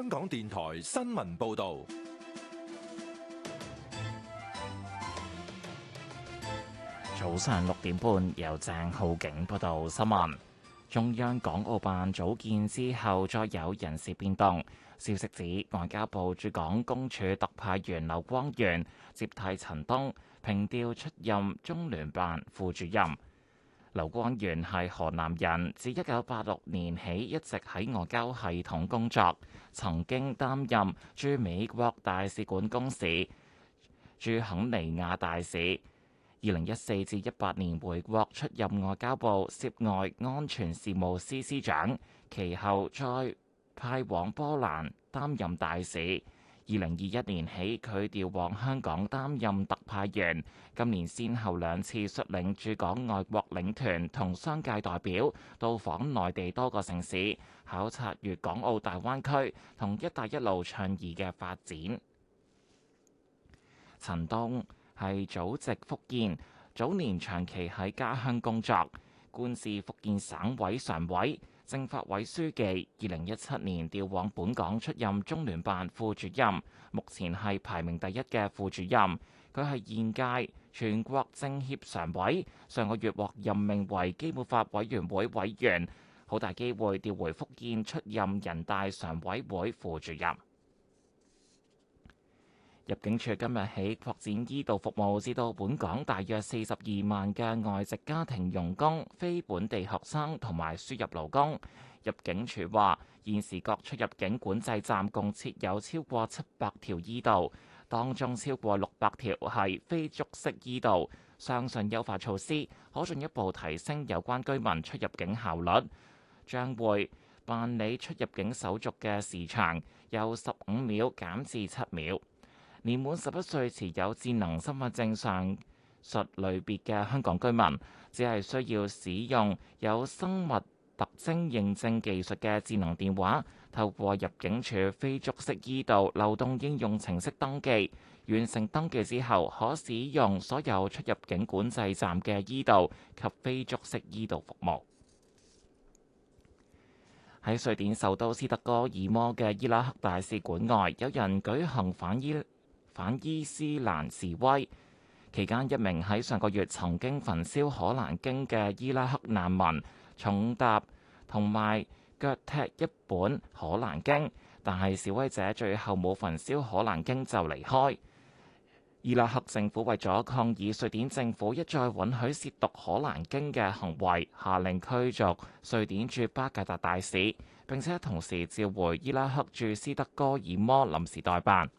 香港電台新聞報道，早上六點半由鄭浩景報道新聞。中央港澳辦組建之後，再有人事變動。消息指外交部駐港公署特派員劉光源接替陳東，平調出任中聯辦副主任。劉光源係河南人，自一九八六年起一直喺外交系統工作，曾經擔任駐美國大使館公使、駐肯尼亞大使。二零一四至一八年回國出任外交部涉外安全事務司司長，其後再派往波蘭擔任大使。二零二一年起，佢調往香港擔任特派員，今年先後兩次率領駐港外國領團同商界代表到訪內地多個城市，考察粵港澳大灣區同一帶一路倡議嘅發展。陳東係祖籍福建，早年長期喺家鄉工作，官至福建省委常委。政法委書記，二零一七年調往本港出任中聯辦副主任，目前係排名第一嘅副主任。佢係現屆全國政協常委，上個月獲任命為基本法委員會委員，好大機會調回福建出任人大常委會副主任。入境處今日起擴展 e- 道服務，至到本港大約四十二萬嘅外籍家庭傭工、非本地學生同埋輸入勞工。入境處話，現時各出入境管制站共設有超過七百條 e- 道，當中超過六百條係非觸式 e- 道。相信優化措施可進一步提升有關居民出入境效率，將會辦理出入境手續嘅時長由十五秒減至七秒。年滿十一歲、持有智能身份證上述類別嘅香港居民，只係需要使用有生物特徵認證技術嘅智能電話，透過入境處非足式依道流動應用程式登記，完成登記之後，可使用所有出入境管制站嘅依道及非足式依道服務。喺瑞典首都斯德哥爾摩嘅伊拉克大使館外，有人舉行反伊。反伊斯蘭示威期間，一名喺上個月曾經焚燒可蘭經嘅伊拉克難民，重踏同埋腳踢一本可蘭經，但係示威者最後冇焚燒可蘭經就離開。伊拉克政府為咗抗議瑞典政府一再允許褻瀆可蘭經嘅行為，下令驅逐瑞典駐巴格達大使，並且同時召回伊拉克駐斯德哥爾摩臨時代辦。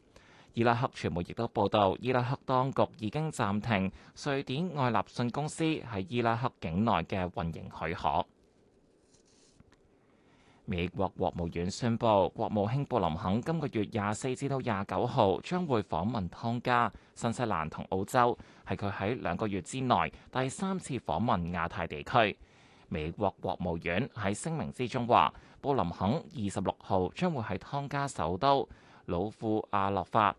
伊拉克傳媒亦都報道，伊拉克當局已經暫停瑞典愛立信公司喺伊拉克境內嘅運營許可。美國國務院宣布，國務卿布林肯今個月廿四至到廿九號將會訪問湯加、新西蘭同澳洲，係佢喺兩個月之內第三次訪問亞太地區。美國國務院喺聲明之中話，布林肯二十六號將會喺湯加首都。老富阿洛法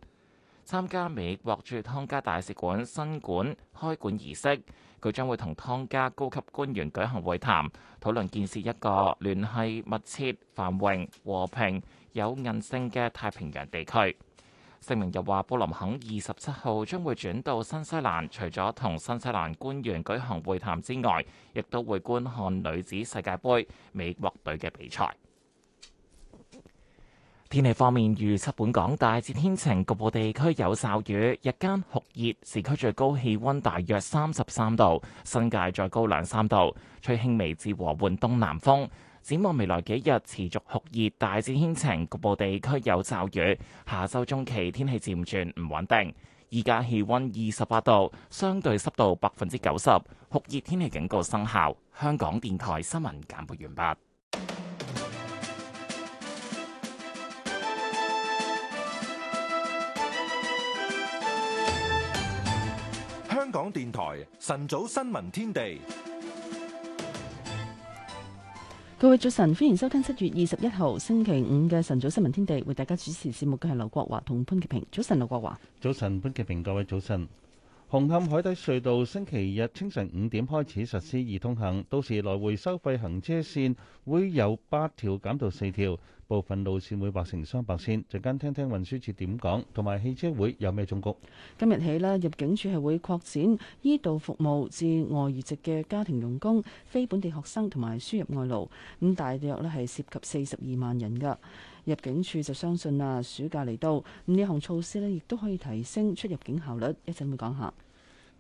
參加美國駐湯加大使館新館開館儀式，佢將會同湯加高級官員舉行會談，討論建設一個聯繫密切、繁榮、和平、有韌性嘅太平洋地區。聲明又話布林肯二十七號將會轉到新西蘭，除咗同新西蘭官員舉行會談之外，亦都會觀看女子世界盃美國隊嘅比賽。天氣方面，預測本港大致天晴，局部地區有驟雨，日間酷熱，市區最高氣溫大約三十三度，新界再高兩三度，吹輕微至和緩東南風。展望未來幾日持續酷熱，大致天晴，局部地區有驟雨。下周中期天氣漸轉唔穩定。而家氣溫二十八度，相對濕度百分之九十，酷熱天氣警告生效。香港電台新聞簡報完畢。香港電台晨早新聞天地，各位早晨，歡迎收聽七月二十一號星期五嘅晨早新聞天地，為大家主持節目嘅係劉國華同潘潔平。早晨，劉國華，早晨，潘潔平，各位早晨。紅磡海底隧道星期日清晨五點開始實施易通行，到時來回收費行車線會由八條減到四條。部分路線會劃成雙白線，陣間聽聽運輸署點講，同埋汽車會有咩總局。今日起咧，入境處係會擴展 e- 道服務至外籍嘅家庭傭工、非本地學生同埋輸入外勞，咁大約咧係涉及四十二萬人㗎。入境處就相信啦，暑假嚟到，咁呢項措施咧亦都可以提升出入境效率。一陣會講下。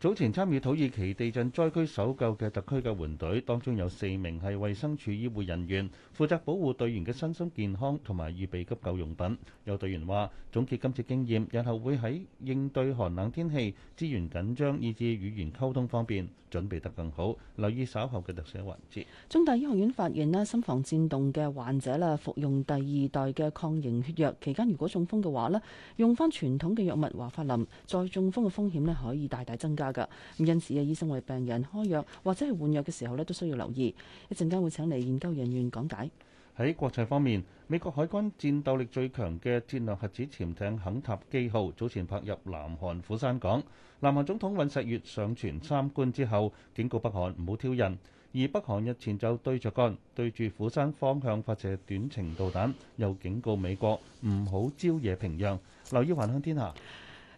早前參與土耳其地震災區搜救嘅特區救援隊，當中有四名係衛生署醫護人員，負責保護隊員嘅身心健康同埋預備急救用品。有隊員話：總結今次經驗，日後會喺應對寒冷天氣、資源緊張以至語言溝通方面準備得更好，留意稍後嘅特寫環節。中大醫學院發現咧，心房顫動嘅患者啦，服用第二代嘅抗凝血藥期間，如果中風嘅話咧，用返傳統嘅藥物華法林，再中風嘅風險咧可以大大增加噶。因此啊，醫生為病人開藥或者係換藥嘅時候咧，都需要留意。一陣間會請嚟研究人員講解。喺國際方面，美國海軍戰鬥力最強嘅戰略核子潛艇肯塔基號早前泊入南韓釜山港。南韓總統尹錫悅上船參觀之後，警告北韓唔好挑釁；而北韓日前就對着幹，對住釜山方向發射短程導彈，又警告美國唔好招惹平壤。留意《寰宇天下》。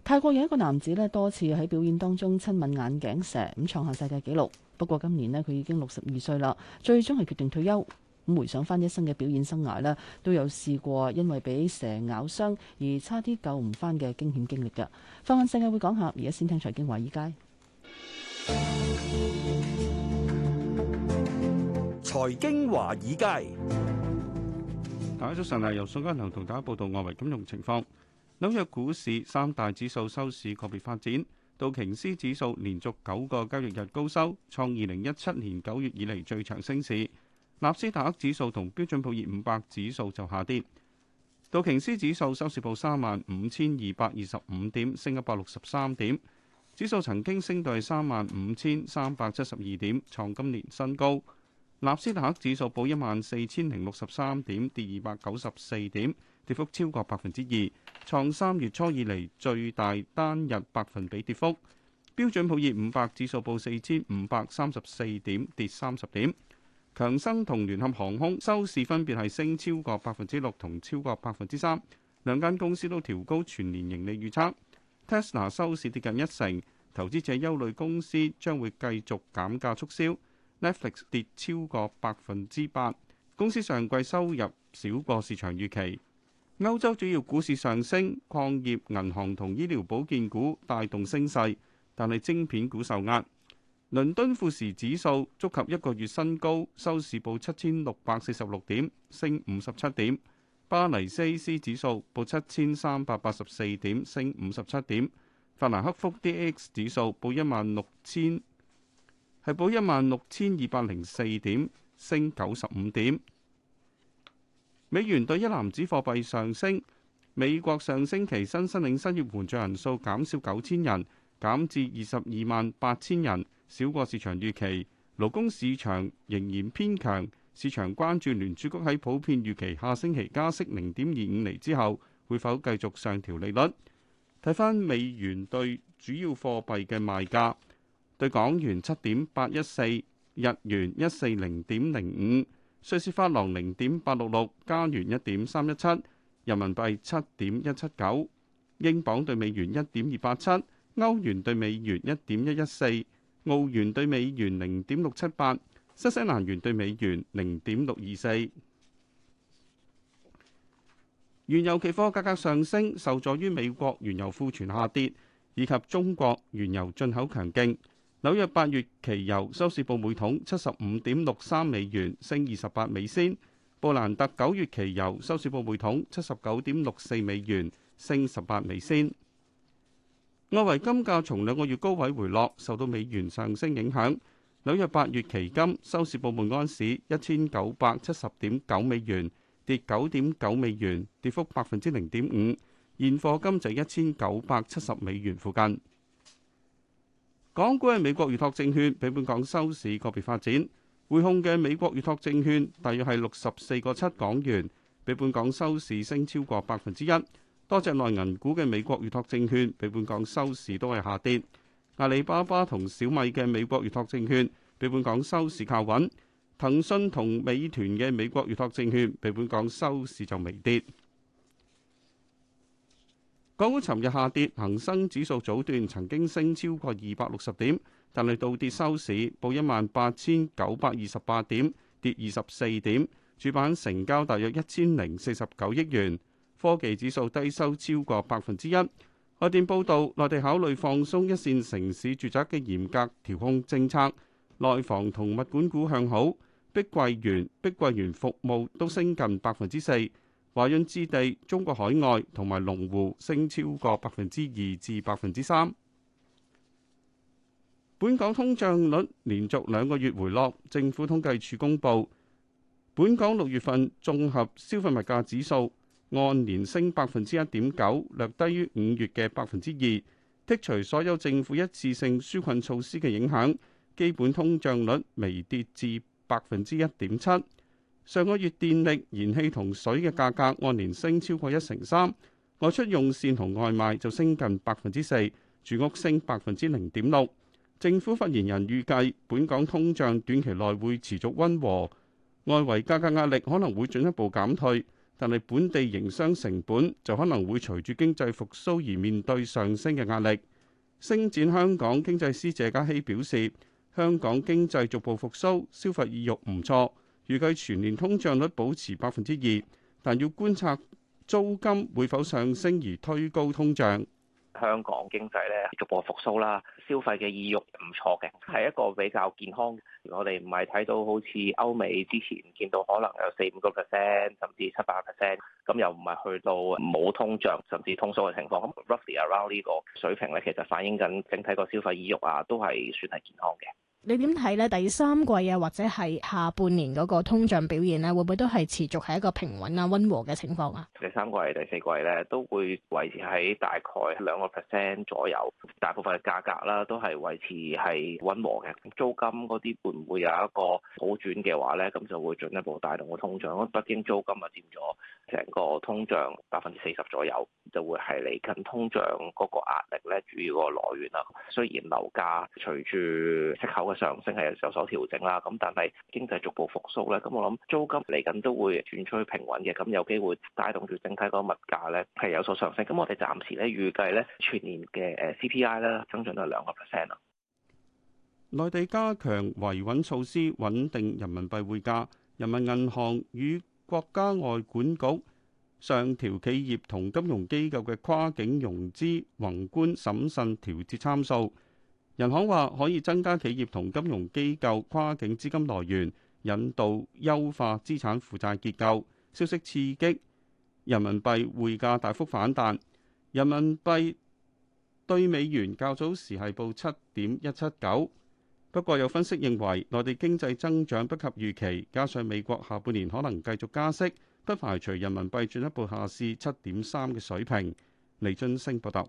泰國有一個男子咧，多次喺表演當中親吻眼鏡蛇，咁創下世界紀錄。不過今年咧，佢已經六十二歲啦，最終係決定退休。咁回想翻一生嘅表演生涯咧，都有試過因為俾蛇咬傷而差啲救唔翻嘅驚險經歷嘅。范文世界，會講下。而家先聽財經華爾街。財經華爾街，大家早晨啊！由宋嘉良同大家報道外圍金融情況。紐約股市三大指數收市個別發展，道瓊斯指數連續九個交易日高收，創二零一七年九月以嚟最長升市。納斯達克指數同標準普爾五百指數就下跌，道瓊斯指數收市報三萬五千二百二十五點，升一百六十三點。指數曾經升到三萬五千三百七十二點，創今年新高。納斯達克指數報一萬四千零六十三點，跌二百九十四點，跌幅超過百分之二，創三月初以嚟最大單日百分比跌幅。標準普爾五百指數報四千五百三十四點，跌三十點。強生同聯合航空收市分別係升超過百分之六同超過百分之三，兩間公司都調高全年盈利預測。Tesla 收市跌近一成，投資者憂慮公司將會繼續減價促銷。Netflix 跌超過百分之八，公司上季收入少過市場預期。歐洲主要股市上升，礦業、銀行同醫療保健股帶動升勢，但係晶片股受壓。倫敦富時指數觸及一個月新高，收市報七千六百四十六點，升五十七點。巴黎 CAC 指數報七千三百八十四點，升五十七點。法蘭克福 DAX 指數報一萬六千係報一萬六千二百零四點，升九十五點。美元對一籃子貨幣上升，美國上星期新申領失業援助人數減少九千人，減至二十二萬八千人。少過市場預期，勞工市場仍然偏強。市場關注聯儲局喺普遍預期下星期加息零點二五厘之後，會否繼續上調利率。睇返美元對主要貨幣嘅賣價，對港元七點八一四，日元一四零點零五，瑞士法郎零點八六六，加元一點三一七，人民幣七點一七九，英鎊對美元一點二八七，歐元對美元一點一一四。澳元兌美元零點六七八，新西蘭元兌美元零點六二四。原油期貨價格上升，受助於美國原油庫存下跌，以及中國原油進口強勁。紐約八月期油收市報每桶七十五點六三美元，升二十八美仙。布蘭特九月期油收市報每桶七十九點六四美元，升十八美仙。外圍金價從兩個月高位回落，受到美元上升影響。紐約八月期金收市報每安士一千九百七十點九美元，跌九點九美元，跌幅百分之零點五。現貨金就一千九百七十美元附近。港股嘅美國預託證券，比本港收市個別發展。匯控嘅美國預託證券大約係六十四個七港元，比本港收市升超過百分之一。多隻內銀股嘅美國預託證券比本港收市都係下跌。阿里巴巴同小米嘅美國預託證券比本港收市靠穩。騰訊同美團嘅美國預託證券比本港收市就微跌。港股尋日下跌，恒生指數早段曾經升超過二百六十點，但係倒跌收市報一萬八千九百二十八點，跌二十四點。主板成交大約一千零四十九億元。科技指數低收超過百分之一。外電報導，內地考慮放鬆一線城市住宅嘅嚴格調控政策，內房同物管股向好，碧桂園、碧桂園服務都升近百分之四，華潤置地、中國海外同埋龍湖升超過百分之二至百分之三。本港通脹率連續兩個月回落，政府統計處公布，本港六月份綜合消費物價指數按年升百分之一點九，略低於五月嘅百分之二。剔除所有政府一次性紓困措施嘅影響，基本通脹率微跌至百分之一點七。上個月電力、燃氣同水嘅價格按年升超過一成三，外出用膳同外賣就升近百分之四，住屋升百分之零點六。政府發言人預計本港通脹短期內會持續温和，外圍價格壓力可能會進一步減退。但係本地營商成本就可能會隨住經濟復甦而面對上升嘅壓力。星展香港經濟師謝家希表示，香港經濟逐步復甦，消費意欲唔錯，預計全年通脹率保持百分之二，但要觀察租金會否上升而推高通脹。香港經濟咧逐步復甦啦，消費嘅意欲唔錯嘅，係一個比較健康。我哋唔係睇到好似歐美之前見到可能有四五個 percent 甚至七八 percent，咁又唔係去到冇通脹甚至通縮嘅情況。咁 roughly around 呢個水平咧，其實反映緊整體個消費意欲啊，都係算係健康嘅。你點睇咧？第三季啊，或者係下半年嗰個通脹表現咧，會唔會都係持續係一個平穩啊、溫和嘅情況啊？第三季、第四季咧都會維持喺大概兩個 percent 左右，大部分嘅價格啦都係維持係溫和嘅。租金嗰啲會唔會有一個好轉嘅話咧？咁就會進一步帶動通脹個通脹。因為北京租金啊佔咗成個通脹百分之四十左右，就會係嚟近通脹嗰個壓力咧主要個來源啦。雖然樓價隨住息口上升係有所調整啦，咁但係經濟逐步復甦咧，咁我諗租金嚟緊都會轉趨平穩嘅，咁有機會帶動住整體嗰個物價咧係有所上升。咁我哋暫時咧預計咧全年嘅誒 CPI 咧增長都係兩個 percent 啦。內地加強維穩措施，穩定人民幣匯價。人民銀行與國家外管局上調企業同金融機構嘅跨境融資宏觀審慎調節參數。 人行話可以增加企業同金融機構跨境資金來源，引導優化資產負債結構。消息刺激人民幣匯價大幅反彈，人民幣對美元較早時係報七點一七九。不過有分析認為，內地經濟增長不及預期，加上美國下半年可能繼續加息，不排除人民幣進一步下試七點三嘅水平。李津升報道。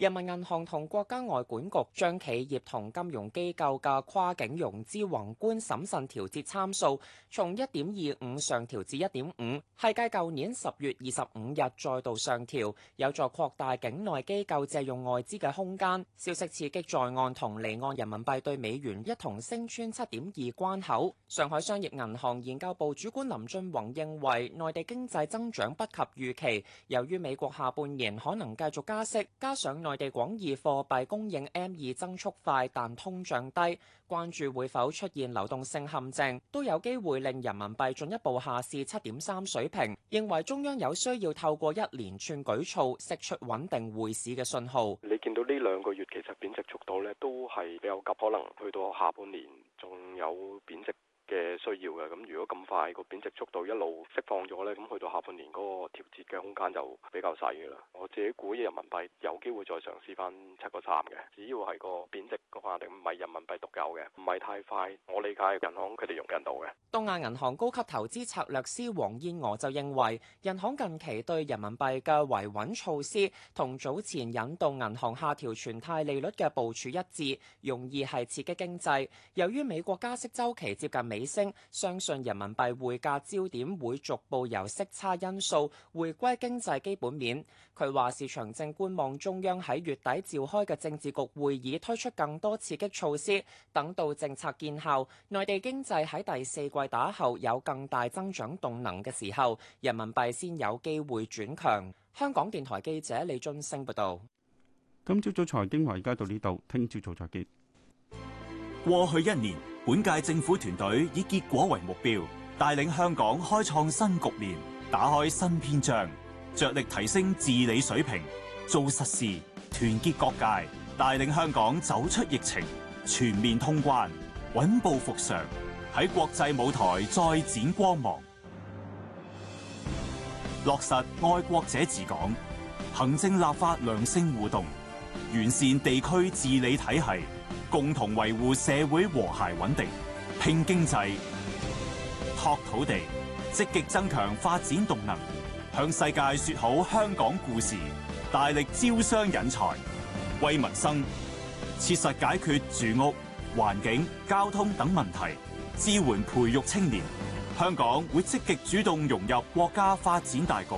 人民銀行同國家外管局將企業同金融機構嘅跨境融資宏觀審慎調節參數從一點二五上調至一點五，係繼舊年十月二十五日再度上調，有助擴大境內機構借用外資嘅空間。消息刺激在岸同離岸人民幣對美元一同升穿七點二關口。上海商業銀行研究部主管林俊宏認為，內地經濟增長不及預期，由於美國下半年可能繼續加息，加上內內地廣義貨幣供應 M2 增速快，但通脹低，關注會否出現流動性陷阱，都有機會令人民幣進一步下試七點三水平。認為中央有需要透過一連串舉措釋出穩定匯市嘅信號。你見到呢兩個月其實貶值速度呢都係比較急，可能去到下半年仲有貶值。嘅需要嘅，咁如果咁快個貶值速度一路釋放咗咧，咁去到下半年嗰個調節嘅空間就比較細嘅啦。我自己估人民幣有機會再嘗試翻七個三嘅，只要係個貶值個壓力唔係人民幣獨有嘅，唔係太快，我理解銀行佢哋容忍到嘅。東亞銀行高級投資策略師黃燕娥就認為，人行近期對人民幣嘅維穩措施同早前引導銀行下調存貸利率嘅部署一致，容易係刺激經濟，由於美國加息週期接近尾，提升，相信人民幣匯價焦點會逐步由息差因素回歸經濟基本面。佢話市場正觀望中央喺月底召開嘅政治局會議，推出更多刺激措施。等到政策見效，內地經濟喺第四季打後有更大增長動能嘅時候，人民幣先有機會轉強。香港電台記者李津升報道。今朝早財經華而家到呢度，聽朝早再見。過去一年。本屆政府團隊以結果為目標，帶領香港開創新局面，打開新篇章，着力提升治理水平，做實事，團結各界，帶領香港走出疫情，全面通關，穩步復常，喺國際舞台再展光芒。落實愛國者治港，行政立法良性互動，完善地區治理體系。共同維護社會和諧穩定，拼經濟、拓土地，積極增強發展動能，向世界說好香港故事，大力招商引才，惠民生，切實解決住屋、環境、交通等問題，支援培育青年。香港會積極主動融入國家發展大局，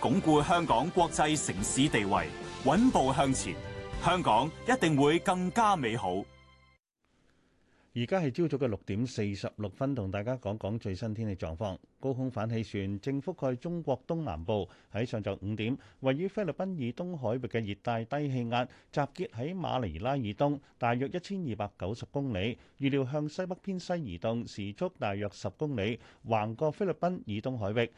鞏固香港國際城市地位，穩步向前。香港一定會更加美好。而家係朝早嘅六點四十六分，同大家講講最新天氣狀況。高空反氣旋正覆蓋中國東南部。喺上晝五點，位於菲律賓以東海域嘅熱帶低氣壓集結喺馬尼拉以東，大約一千二百九十公里。預料向西北偏西移動，時速大約十公里，橫過菲律賓以東海域。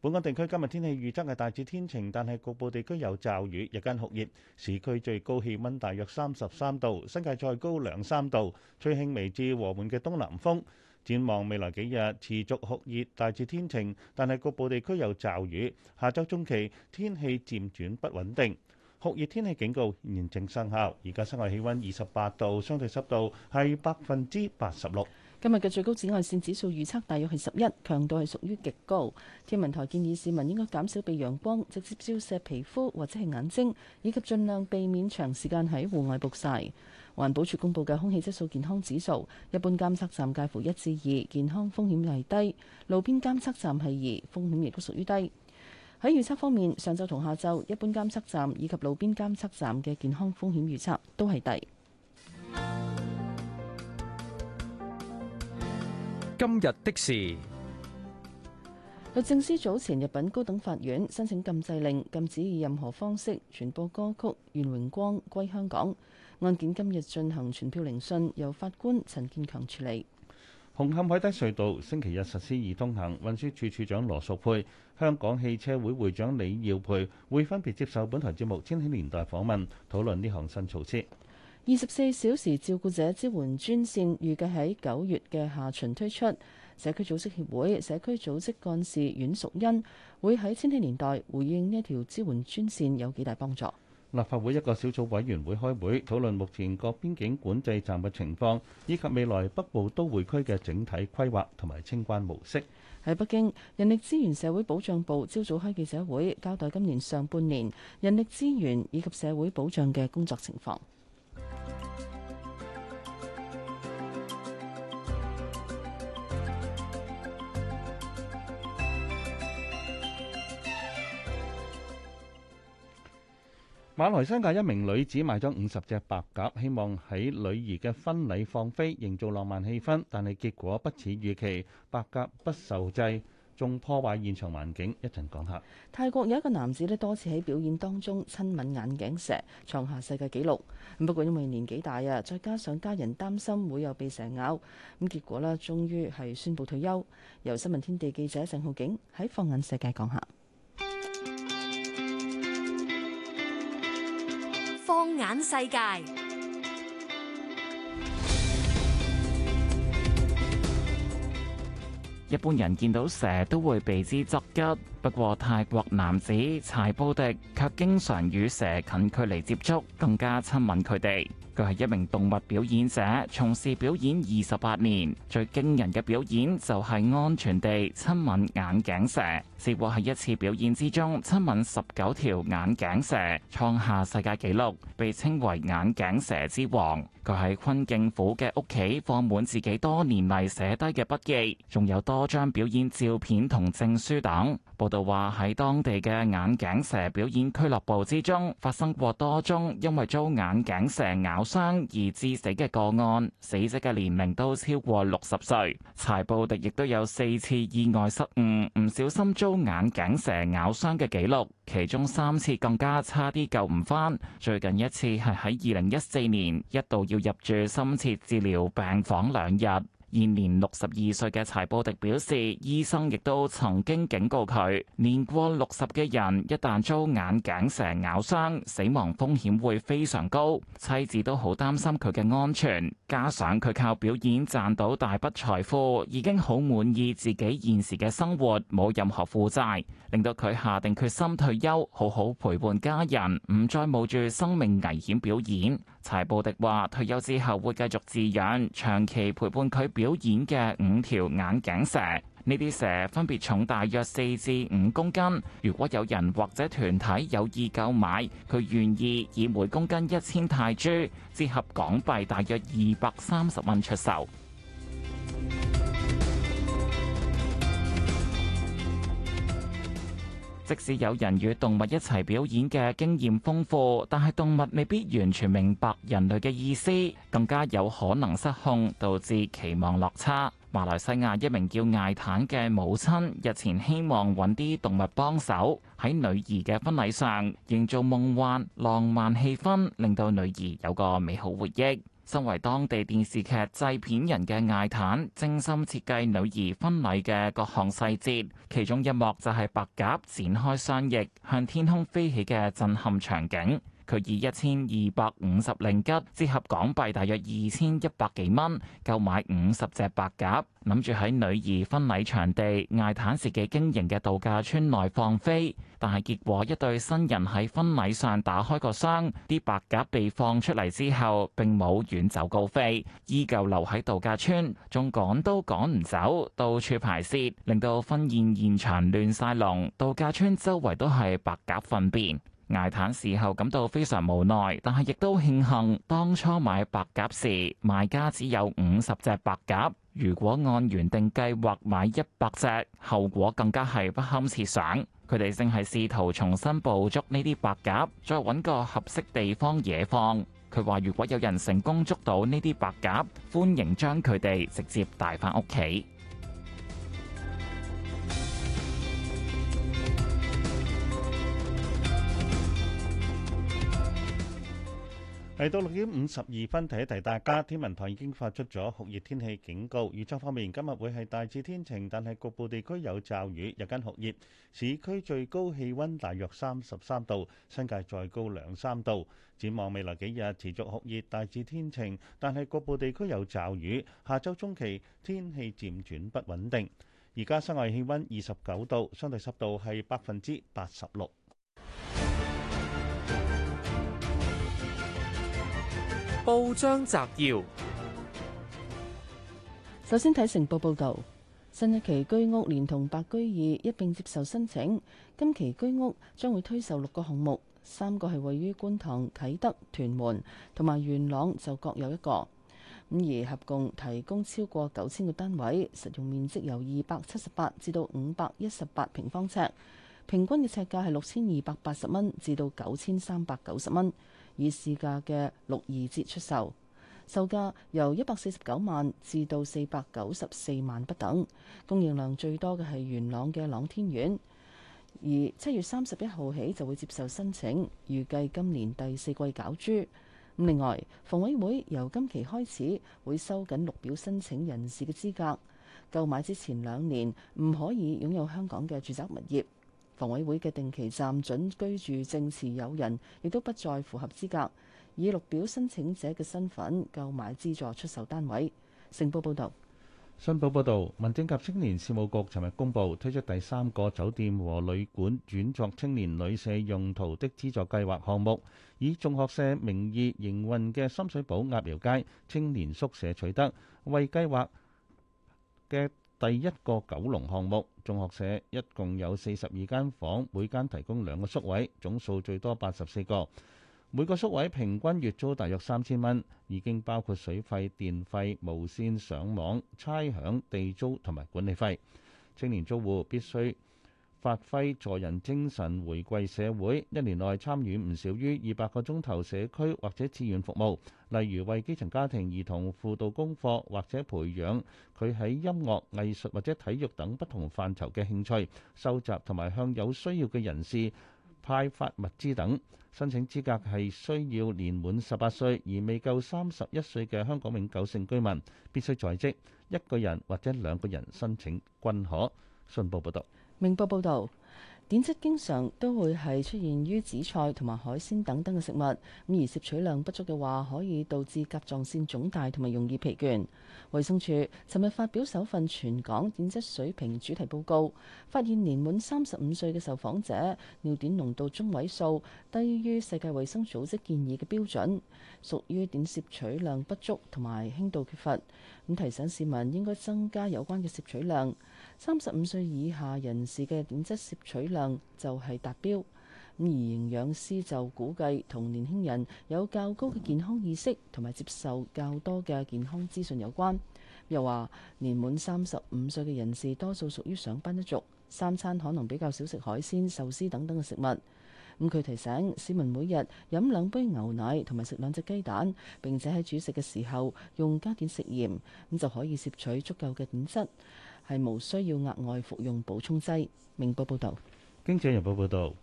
本港地區今日天氣預測係大致天晴，但係局部地區有驟雨，日間酷熱，市區最高氣温大約三十三度，新界再高兩三度，吹輕微至和緩嘅東南風。展望未來幾日持續酷熱，大致天晴，但係局部地區有驟雨。下週中期天氣漸轉不穩定，酷熱天氣警告現正生效。而家室外氣温二十八度，相對濕度係百分之八十六。今日嘅最高紫外線指數預測大約係十一，強度係屬於極高。天文台建議市民應該減少被陽光直接照射皮膚或者係眼睛，以及盡量避免長時間喺戶外曝曬。環保署公佈嘅空氣質素健康指數，一般監測站介乎一至二，健康風險係低；路邊監測站係二，風險亦都屬於低。喺預測方面，上晝同下晝一般監測站以及路邊監測站嘅健康風險預測都係低。今日的事，律政司早前入稟高等法院申請禁制令，禁止以任何方式傳播歌曲願榮光歸香港案件，今日進行傳票聆訊，由法官陳建強處理。紅磡海底隧道星期日實施易通行，運輸署署長羅淑佩、香港汽車會會長李耀培會分別接受本台節目《千禧年代》訪問，討論呢項新措施。二十四小時照顧者支援專線預計喺九月嘅下旬推出。社區組織協會社區組織幹事阮淑欣會喺千禧年代回應呢條支援專線有幾大幫助。立法會一個小組委員會開會討論目前各邊境管制站嘅情況，以及未來北部都會區嘅整體規劃同埋清關模式。喺北京，人力資源社會保障部朝早開記者會，交代今年上半年人力資源以及社會保障嘅工作情況。馬來西亞一名女子買咗五十隻白鴿，希望喺女兒嘅婚禮放飛，營造浪漫氣氛。但係結果不似預期，白鴿不受制。仲破壞現場環境，一陣講下。泰國有一個男子咧，多次喺表演當中親吻眼鏡蛇，創下世界紀錄。咁不過因為年紀大啊，再加上家人擔心會有被蛇咬，咁結果咧，終於係宣布退休。由新聞天地記者鄭浩景喺放眼世界講下。放眼世界。一般人見到蛇都會避之則吉。不過，泰國男子柴布迪卻經常與蛇近距離接觸，更加親吻佢哋。佢係一名動物表演者，從事表演二十八年。最驚人嘅表演就係安全地親吻眼鏡蛇，試過喺一次表演之中親吻十九條眼鏡蛇，創下世界紀錄，被稱為眼鏡蛇之王。佢喺坤敬府嘅屋企放滿自己多年嚟寫低嘅筆記，仲有多張表演照片同證書等。報道話喺當地嘅眼鏡蛇表演俱樂部之中，發生過多宗因為遭眼鏡蛇咬傷而致死嘅個案，死者嘅年齡都超過六十歲。柴布迪亦都有四次意外失誤，唔小心遭眼鏡蛇咬傷嘅記錄，其中三次更加差啲救唔返。最近一次係喺二零一四年，一度要入住深切治療病房兩日。現年六十二歲嘅柴布迪表示，醫生亦都曾經警告佢，年過六十嘅人一旦遭眼鏡蛇咬傷，死亡風險會非常高。妻子都好擔心佢嘅安全，加上佢靠表演賺到大筆財富，已經好滿意自己現時嘅生活，冇任何負債，令到佢下定決心退休，好好陪伴家人，唔再冒住生命危險表演。柴布迪話：退休之後會繼續飼養長期陪伴佢表演嘅五條眼鏡蛇，呢啲蛇分別重大約四至五公斤。如果有人或者團體有意購買，佢願意以每公斤一千泰銖，折合港幣大約二百三十蚊出售。即使有人與動物一齊表演嘅經驗豐富，但係動物未必完全明白人類嘅意思，更加有可能失控，導致期望落差。馬來西亞一名叫艾坦嘅母親，日前希望揾啲動物幫手喺女兒嘅婚禮上，營造夢幻浪漫氣氛，令到女兒有個美好回憶。身為當地電視劇製片人嘅艾坦，精心設計女兒婚禮嘅各項細節，其中一幕就係白鴿展開雙翼向天空飛起嘅震撼場景。佢以一千二百五十令吉折合港幣，大約二千一百幾蚊，購買五十隻白鴿，諗住喺女兒婚禮場地艾坦自己經營嘅度假村內放飛。但係結果，一對新人喺婚禮上打開個箱，啲白鴿被放出嚟之後，並冇遠走高飛，依舊留喺度假村，仲趕都趕唔走，到處排泄，令到婚宴現，現場亂晒龍，度假村周圍都係白鴿糞便。艾坦事後感到非常無奈，但係亦都慶幸當初買白鴿時賣家只有五十隻白鴿，如果按原定計劃買一百隻，後果更加係不堪設想。佢哋正係試圖重新捕捉呢啲白鴿，再揾個合適地方野放。佢話，如果有人成功捉到呢啲白鴿，歡迎將佢哋直接帶返屋企。嚟到六點五十二分，提一提大家，天文台已經發出咗酷熱天氣警告。預測方面，今日會係大致天晴，但係局部地區有驟雨、日間酷熱。市區最高氣温大約三十三度，新界再高兩三度。展望未來幾日持續酷熱、大致天晴，但係局部地區有驟雨。下週中期天氣漸轉不穩定。而家室外氣温二十九度，相對濕度係百分之八十六。報章摘要：首先睇成報報道，新一期居屋連同白居二一併接受申請，今期居屋將會推售六個項目，三個係位於觀塘、啟德、屯門，同埋元朗就各有一個。咁而合共提供超過九千個單位，實用面積由二百七十八至到五百一十八平方尺，平均嘅尺價係六千二百八十蚊至到九千三百九十蚊。以市價嘅六二折出售，售價由一百四十九萬至到四百九十四萬不等。供應量最多嘅係元朗嘅朗天苑，而七月三十一號起就會接受申請，預計今年第四季攪珠。另外，房委會由今期開始會收緊綠表申請人士嘅資格，購買之前兩年唔可以擁有香港嘅住宅物業。房委會嘅定期暫准居住證持有人亦都不再符合資格，以綠表申請者嘅身份購買資助出售單位。成報報導，新報報導，民政及青年事務局尋日公布推出第三個酒店和旅館轉作青年旅舍用途的資助計劃項目，以眾學社名義營運嘅深水埗鴨寮街青年宿舍取得為計劃嘅第一個九龍項目。中學社一共有四十二間房，每間提供兩個宿位，總數最多八十四個。每個宿位平均月租大約三千蚊，已經包括水費、電費、無綫上網、差餉、地租同埋管理費。青年租戶必須。發揮助人精神，回饋社會。一年內參與唔少於二百個鐘頭社區或者志願服務，例如為基層家庭兒童輔導功課，或者培養佢喺音樂、藝術或者體育等不同範疇嘅興趣、收集同埋向有需要嘅人士派發物資等。申請資格係需要年滿十八歲而未夠三十一歲嘅香港永久性居民，必須在職，一個人或者兩個人申請均可。信報報道。明報報道，碘質經常都會係出現於紫菜同埋海鮮等等嘅食物，咁而攝取量不足嘅話，可以導致甲狀腺腫大同埋容易疲倦。衛生署尋日發表首份全港碘質水平主題報告，發現年滿三十五歲嘅受訪者尿碘濃度中位數低於世界衛生組織建議嘅標準，屬於碘攝取量不足同埋輕度缺乏，咁提醒市民應該增加有關嘅攝取量。三十五歲以下人士嘅碘質攝取量就係達標。咁而營養師就估計，同年輕人有較高嘅健康意識，同埋接受較多嘅健康資訊有關。又話年滿三十五歲嘅人士，多數屬於上班一族，三餐可能比較少食海鮮、壽司等等嘅食物。咁佢提醒市民，每日飲兩杯牛奶，同埋食兩隻雞蛋，並且喺煮食嘅時候用加碘食鹽，咁就可以攝取足夠嘅碘質。係無需要額外服用補充劑。《明報》報道，《經濟日報》報道，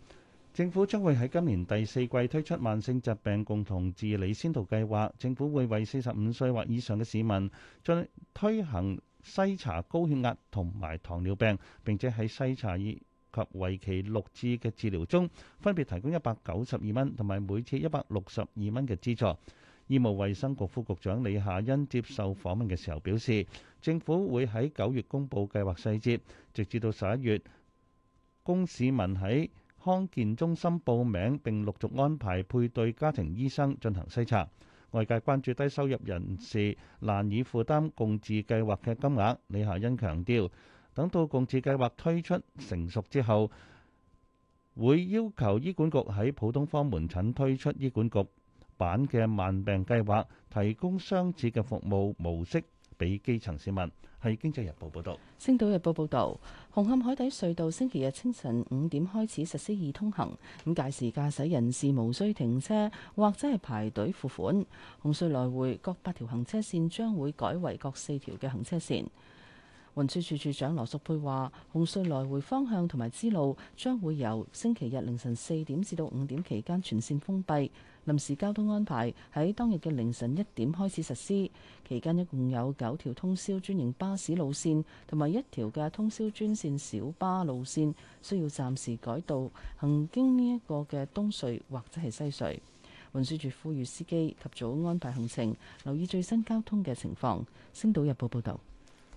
政府將會喺今年第四季推出慢性疾病共同治理先導計劃。政府會為四十五歲或以上嘅市民進推行篩查高血壓同埋糖尿病，並且喺篩查以及為期六次嘅治療中，分別提供一百九十二蚊同埋每次一百六十二蚊嘅資助。醫務衛生局副，副局長李夏欣接受訪問嘅時候表示，政府會喺九月公布計劃細節，直至到十一月，供市民喺康健中心報名，並陸續安排配對家庭醫生進行篩查。外界關注低收入人士難以負擔共治計劃嘅金額，李夏欣強調，等到共治計劃推出成熟之後，會要求醫管局喺普通科門診推出醫管局版嘅慢病計劃提供相似嘅服務模式俾基層市民。係經濟日報報道，《星島日報》報道，紅磡海底隧道星期日清晨五點開始實施易通行，咁屆時駕駛人士無需停車或者係排隊付款。紅隧來回各八條行車線將會改為各四條嘅行車線，運輸署署長羅淑佩話紅隧來回方向同埋支路將會由星期日凌晨四點至到五點期間全線封閉。臨時交通安排喺當日嘅凌晨一點開始實施，期間一共有九條通宵專營巴士路綫同埋一條嘅通宵專綫小巴路綫需要暫時改道行經呢一個嘅東隧或者係西隧。運輸處呼籲司機及早安排行程，留意最新交通嘅情況。星島日報報道，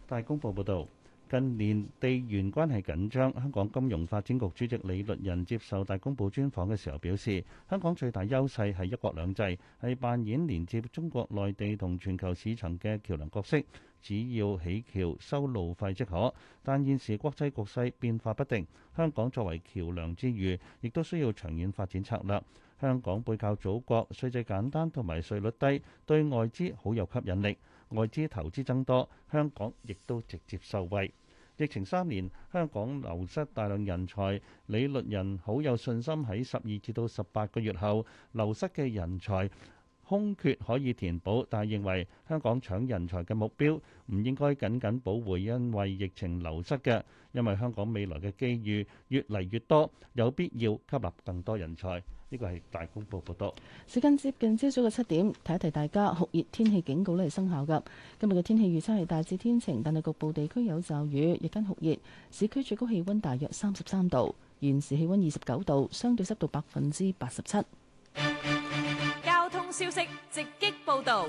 大公報報道。近年地緣關係緊張，香港金融發展局主席李律仁接受大公報專訪嘅時候表示，香港最大優勢係一國兩制，係扮演連接中國內地同全球市場嘅橋梁角色，只要起橋收路費即可。但現時國際局勢變化不定，香港作為橋梁之餘，亦都需要長遠發展策略。香港背靠祖國，稅制簡單同埋稅率低，對外資好有吸引力。外資投資增多，香港亦都直接受惠。疫情三年，香港流失大量人才，李律仁好有信心喺十二至到十八個月後流失嘅人才空缺可以填補，但係認為香港搶人才嘅目標唔應該僅僅補回，因為疫情流失嘅，因為香港未來嘅機遇越嚟越多，有必要吸納更多人才。呢個係大公報報道。時間接近朝早嘅七點，提一提大家酷熱天氣警告都係生效㗎。今日嘅天氣預測係大致天晴，但係局部地區有驟雨，日間酷熱。市區最高氣温大約三十三度，現時氣温二十九度，相對濕度百分之八十七。消息直擊報道。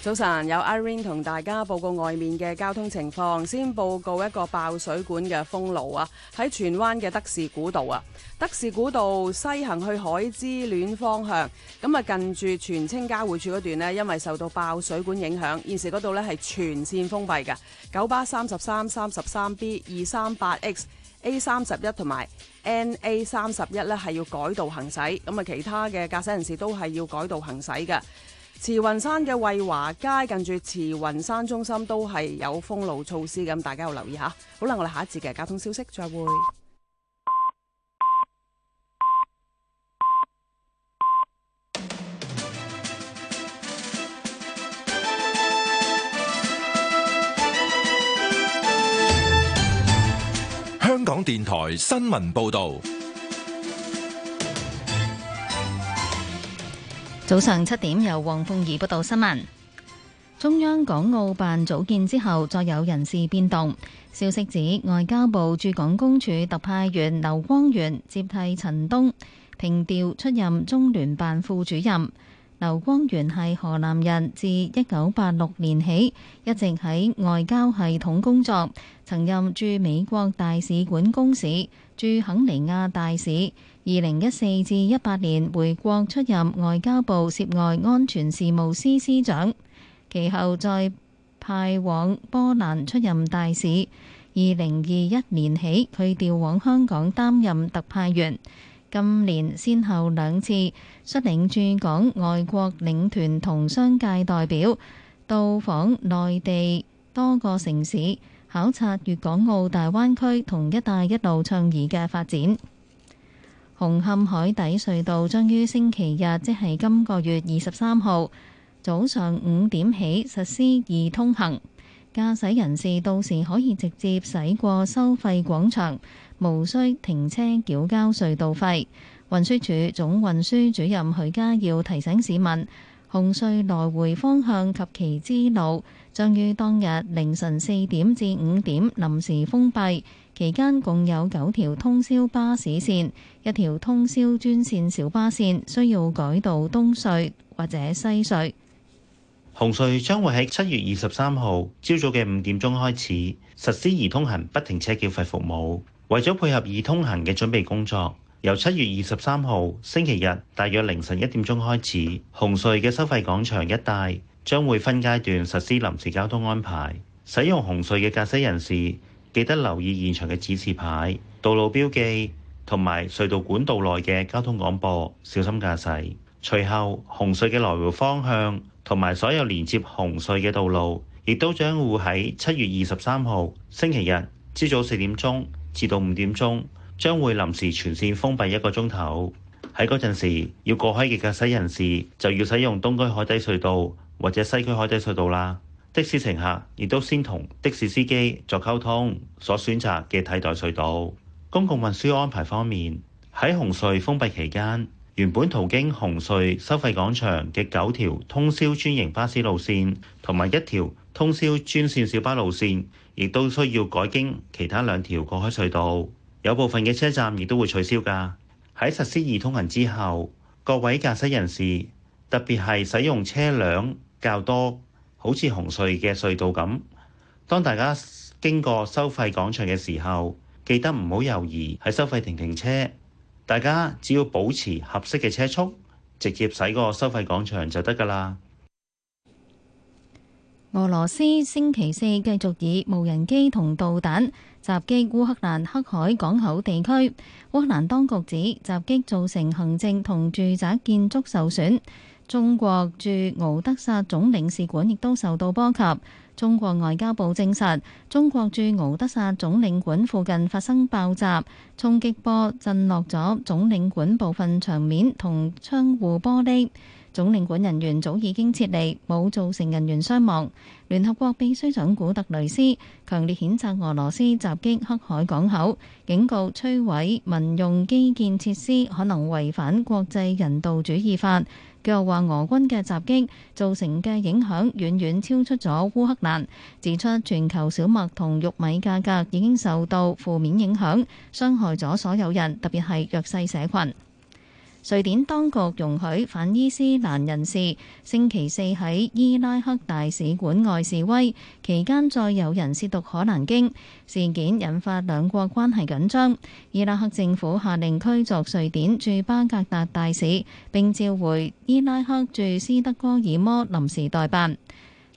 早晨，有 Irene 同大家報告外面嘅交通情況。先報告一個爆水管嘅封路啊！喺荃灣嘅德士古道啊，德士古道西行去海之戀方向，咁啊近住荃青交匯處嗰段呢，因為受到爆水管影響，現時嗰度呢係全線封閉嘅。九八三十三、三十三 B、二三八 X、A 三十一同埋。N A 三十一咧，係要改道行駛，咁啊其他嘅駕駛人士都係要改道行駛嘅。慈雲山嘅惠華街近住慈雲山中心都係有封路措施，咁大家要留意下。好啦，我哋下一節嘅交通消息，再會。香港電台新聞報道，早上七點由黃鳳儀報道新聞。中央港澳辦組建之後，再有人事變動。消息指，外交部駐港公署特派員劉光源接替陳東，平調出任中聯辦副主任。劉光源係河南人，自一九八六年起一直喺外交系統工作，曾任駐美國大使館公使、駐肯尼亞大使。二零一四至一八年回國出任外交部涉外安全事務司司長，其後再派往波蘭出任大使。二零二一年起，佢調往香港擔任特派員。今年先後兩次率領駐港外國領團同商界代表到訪內地多個城市，考察粵港澳大灣區同「一帶一路」倡議嘅發展。紅磡海底隧道將於星期日，即係今個月二十三號早上五點起實施易通行，駕駛人士到時可以直接駛過收費廣場。無需停車繳交隧道費。運輸署總運輸主任許家耀提醒市民，紅隧來回方向及其支路將於當日凌晨四點至五點臨時封閉，期間共有九條通宵巴士線、一條通宵專線小巴線需要改道東隧或者西隧。紅隧將會喺七月二十三號朝早嘅五點鐘開始實施易通行，不停車繳費服務。為咗配合易通行嘅準備工作，由七月二十三號星期日大約凌晨一點鐘開始，紅隧嘅收費廣場一帶將會分階段實施臨時交通安排。使用紅隧嘅駕駛人士記得留意現場嘅指示牌、道路標記同埋隧道管道內嘅交通廣播，小心駕駛。隨後，紅隧嘅來回方向同埋所有連接紅隧嘅道路，亦都將會喺七月二十三號星期日朝早四點鐘，至到五點鐘，將會臨時全線封閉一個鐘頭。喺嗰陣時，要過海嘅駕駛人士就要使用東區海底隧道或者西區海底隧道啦。的士乘客亦都先同的士司機作溝通，所選擇嘅替代隧道。公共運輸安排方面，喺紅隧封閉期間，原本途經紅隧收費廣場嘅九條通宵專營巴士路線同埋一條通宵專線小巴路線，亦都需要改經其他兩條過海隧道，有部分嘅車站亦都會取消㗎。喺實施易通行之後，各位駕駛人士，特別係使用車輛較多，好似紅隧嘅隧道咁，當大家經過收費廣場嘅時候，記得唔好猶豫喺收費亭停，停車。大家只要保持合適嘅車速，直接駛過收費廣場就得㗎啦。俄羅斯星期四繼續以無人機同導彈襲擊烏克蘭黑海港口地區。烏克蘭當局指襲擊造成行政同住宅建築受損，中國駐敖德薩總領事館亦都受到波及。中國外交部證實，中國駐敖德薩總領館附近發生爆炸，衝擊波震落咗總領館部分牆面同窗戶玻璃。總領館人員早已經撤離，冇造成人員傷亡。聯合國秘書長古特雷斯強烈譴責俄羅斯襲擊黑海港口，警告摧毀民用基建設施可能違反國際人道主義法。又話俄軍嘅襲擊造成嘅影響遠遠超出咗烏克蘭，指出全球小麥同玉米價格已經受到負面影響，傷害咗所有人，特別係弱勢社群。瑞典當局容許反伊斯蘭人士星期四喺伊拉克大使館外示威，期間再有人褻瀆可蘭經，事件引發兩國關係緊張。伊拉克政府下令驅逐瑞典駐巴格達大使，並召回伊拉克駐斯德哥爾摩臨時代辦。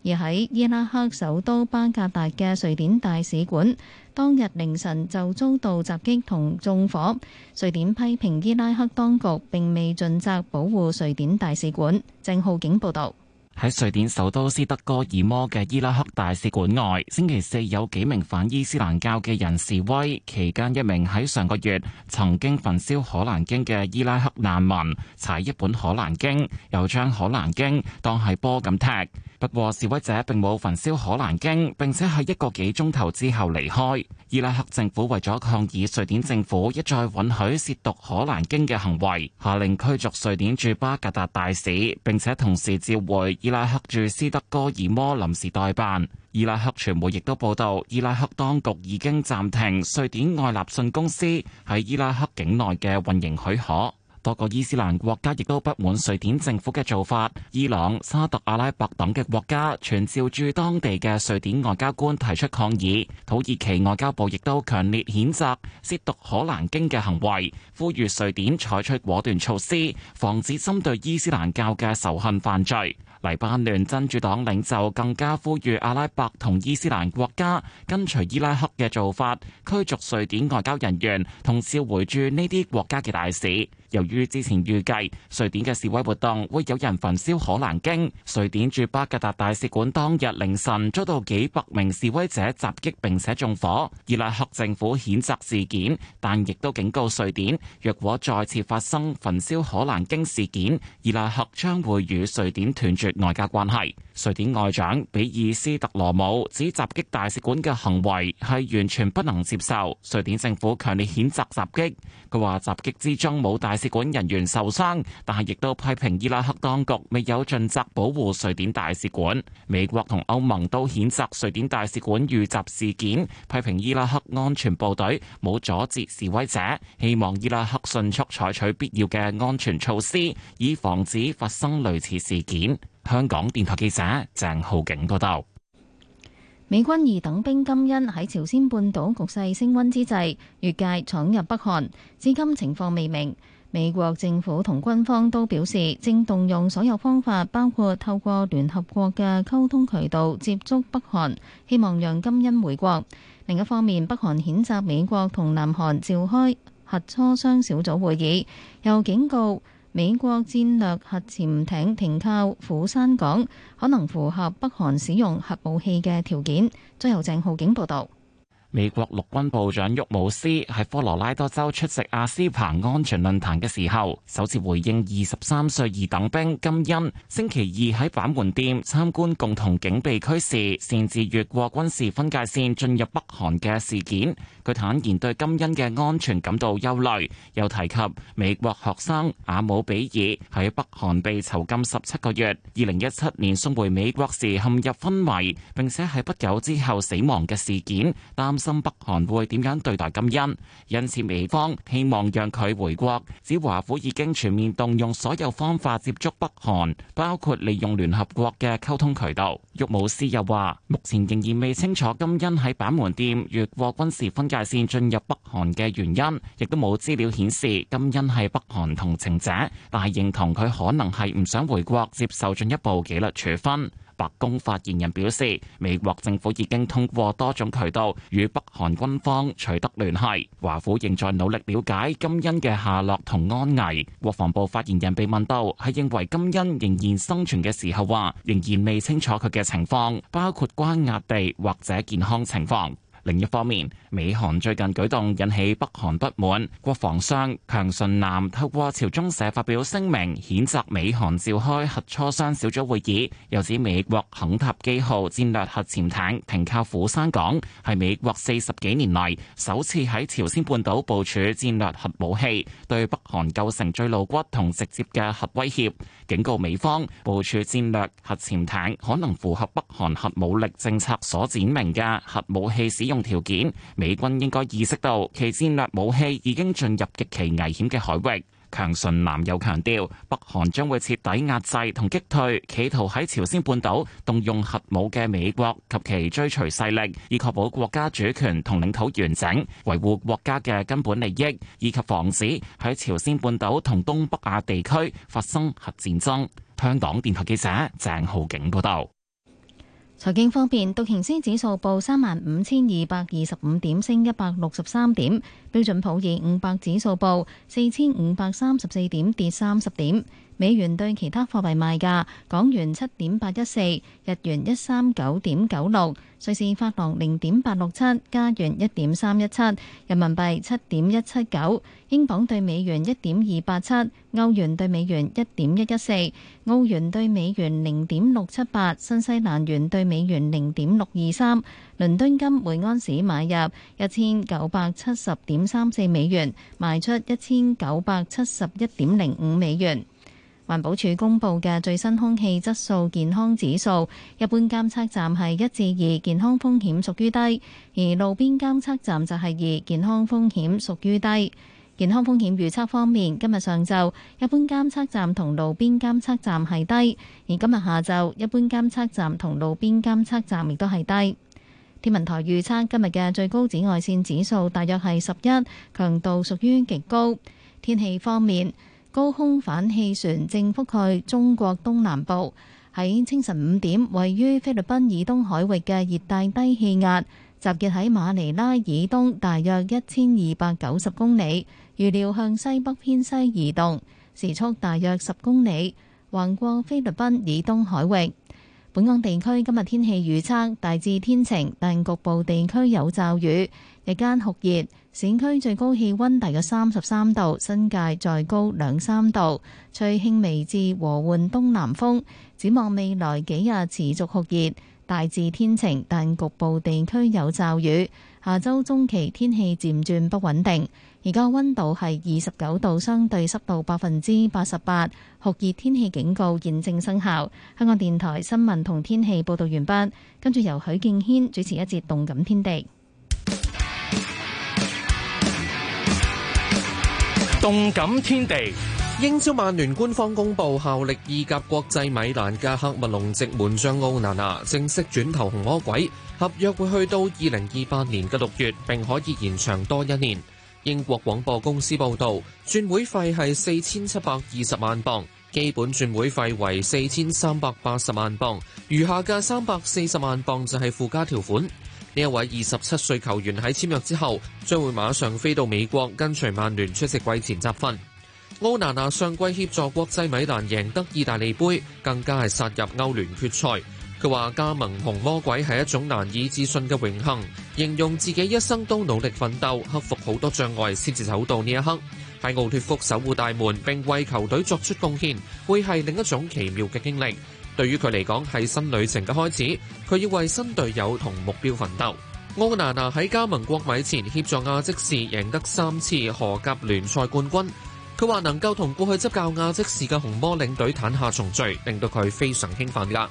而喺伊拉克首都巴格達嘅瑞典大使館，當日凌晨就遭到襲擊同縱火，瑞典批評伊拉克當局並未盡責保護瑞典大使館。鄭浩景報道，喺瑞典首都斯德哥爾摩嘅伊拉克大使館外，星期四有幾名反伊斯蘭教嘅人示威，期間一名喺上個月曾經焚燒可蘭經嘅伊拉克難民踩一本可蘭經，又將可蘭經當係波咁踢。不過，示威者並冇焚燒可蘭經，並且喺一個幾鐘頭之後離開。伊拉克政府為咗抗議瑞典政府一再允許褻瀆可蘭經嘅行為，下令驅逐瑞典駐巴格達大使，並且同時召回伊拉克駐斯德哥爾摩臨時代辦。伊拉克傳媒亦都報道，伊拉克當局已經暫停瑞典愛立信公司喺伊拉克境內嘅運營許可。多個伊斯蘭國家亦都不滿瑞典政府嘅做法，伊朗、沙特阿拉伯等嘅國家全召駐當地嘅瑞典外交官提出抗議。土耳其外交部亦都強烈譴責褻瀆可蘭經嘅行為，呼籲瑞典採取果斷措施，防止針對伊斯蘭教嘅仇恨犯罪。黎巴嫩真主黨領袖更加呼籲阿拉伯同伊斯蘭國家跟隨伊拉克嘅做法，驅逐瑞典外交人員同召回駐呢啲國家嘅大使。由於之前預計瑞典嘅示威活動會有人焚燒可蘭經，瑞典駐巴格達大使館當日凌晨遭到幾百名示威者襲擊並且縱火。伊拉克政府譴責事件，但亦都警告瑞典，若果再次發生焚燒可蘭經事件，伊拉克將會與瑞典斷絕外交關係。瑞典外長比爾斯特羅姆指襲擊大使館嘅行為係完全不能接受，瑞典政府強烈譴責襲擊。佢話襲擊之中冇大使使館人員受傷，但係亦都批評伊拉克當局未有盡責保護瑞典大使館。美國同歐盟都譴責瑞典大使館遇襲事件，批評伊拉克安全部隊冇阻截示威者，希望伊拉克迅速採取必要嘅安全措施，以防止發生類似事件。香港電台記者鄭浩景報道：「美軍二等兵金恩喺朝鮮半島局勢升溫之際越界闖入北韓，至今情況未明。美國政府同軍方都表示，正動用所有方法，包括透過聯合國嘅溝通渠道接觸北韓，希望讓金恩回國。另一方面，北韓譴責美國同南韓召開核磋商小組會議，又警告美國戰略核潛艇停靠釜山港，可能符合北韓使用核武器嘅條件。再由鄭浩景報道。美國陸軍部長沃姆斯喺科羅拉多州出席阿斯彭安全論壇嘅時候，首次回應二十三歲二等兵金恩星期二喺板門店參觀共同警備區時擅自越過軍事分界線進入北韓嘅事件。佢坦言對金恩嘅安全感到憂慮，又提及美國學生阿姆比爾喺北韓被囚禁十七個月，二零一七年送回美國時陷入昏迷，並且喺不久之後死亡嘅事件，擔心北韓會點樣對待金恩。因此美方希望讓佢回國，指華府已經全面動用所有方法接觸北韓，包括利用聯合國嘅溝通渠道。沃姆斯又話：目前仍然未清楚金恩喺板門店越過軍事分界線進入北韓嘅原因，亦都冇資料顯示金恩係北韓同情者，但係認同佢可能係唔想回國接受進一步紀律處分。白宮發言人表示，美國政府已經通過多種渠道與北韓軍方取得聯繫，華府仍在努力了解金恩嘅下落同安危。國防部發言人被問到係認為金恩仍然生存嘅時候，話仍然未清楚佢嘅情況，包括關押地或者健康情況。另一方面，美韓最近舉動引起北韓不滿。國防相強順南透過朝中社發表聲明，譴責美韓召開核磋商小組會議，又指美國肯塔基號戰略核潛艇停靠釜山港，係美國四十幾年嚟首次喺朝鮮半島部署戰略核武器，對北韓構成最露骨同直接嘅核威脅，警告美方部署戰略核潛艇可能符合北韓核武力政策所展明嘅核武器使。用條件，美軍應該意識到其戰略武器已經進入極其危險嘅海域。強順南又強調，北韓將會徹底壓制同擊退，企圖喺朝鮮半島動用核武嘅美國及其追隨勢力，以確保國家主權同領土完整，維護國家嘅根本利益，以及防止喺朝鮮半島同東北亞地區發生核戰爭。香港電台記者鄭浩景報道。財經方面，道瓊斯指數報三萬五千二百二十五點，升一百六十三點；標準普爾五百指數報四千五百三十四點，跌三十點。美元對其他貨幣賣價，港元七點八一四，日元一三九點九六，瑞士法郎零點八六七，加元一點三一七，人民幣七點一七九，英鎊對美元一點二八七，歐元對美元一點一一四，澳元對美元零點六七八，新西蘭元對美元零點六二三。倫敦金每安士買入一千九百七十點三四美元，賣出一千九百七十一點零五美元。環保署公布嘅最新空氣質素健康指數，一般監測站係一至二，健康風險屬於低；而路邊監測站就係二，健康風險屬於低。健康風險預測方面，今日上晝一般監測站同路邊監測站係低，而今日下晝一般監測站同路邊監測站亦都係低。天文台預測今日嘅最高紫外線指數大約係十一，強度屬於極高。天氣方面。高空反氣旋正覆蓋中國東南部。喺清晨五點，位於菲律賓以東海域嘅熱帶低氣壓集結喺馬尼拉以東大約一千二百九十公里，預料向西北偏西移動，時速大約十公里，橫過菲律賓以東海域。本港地區今日天，天氣預測大致天晴，但局部地區有驟雨。日間酷熱，市區最高氣温大約三十三度，新界再高兩三度。吹輕微至和緩東南風。展望未來幾日持續酷熱，大致天晴，但局部地區有驟雨。下週中期天氣漸轉不穩定。而家溫度係二十九度，相對濕度百分之八十八，酷熱天氣警告現正生效。香港電台新聞同天氣報道完畢，跟住由許敬軒主持一節動感天地。動感天地，天地英超曼聯官方公布效力意甲國際米蘭嘅喀麥隆籍門將奧娜娜正式轉投紅魔鬼，合約會去到二零二八年嘅六月，並可以延長多一年。英國廣播公司報道，轉會費係四千七百二十萬鎊，基本轉會費為四千三百八十萬鎊，餘下嘅三百四十萬鎊就係附加條款。呢一位二十七歲球員喺簽約之後，將會馬上飛到美國跟隨曼聯出席季前集訓。奧納納上季協助國際米蘭贏得意大利杯，更加係殺入歐聯決賽。佢話：加盟紅魔鬼係一種難以置信嘅榮幸，形容自己一生都努力奮鬥，克服好多障礙，先至走到呢一刻。喺奧脱福守護大門並為球隊作出貢獻，會係另一種奇妙嘅經歷。對於佢嚟講係新旅程嘅開始，佢要為新隊友同目標奮鬥。奧娜娜喺加盟國米前協助亞積士贏得三次荷甲聯賽冠軍。佢話能夠同過去執教亞積士嘅紅魔領隊坦下重聚，令到佢非常興奮㗎。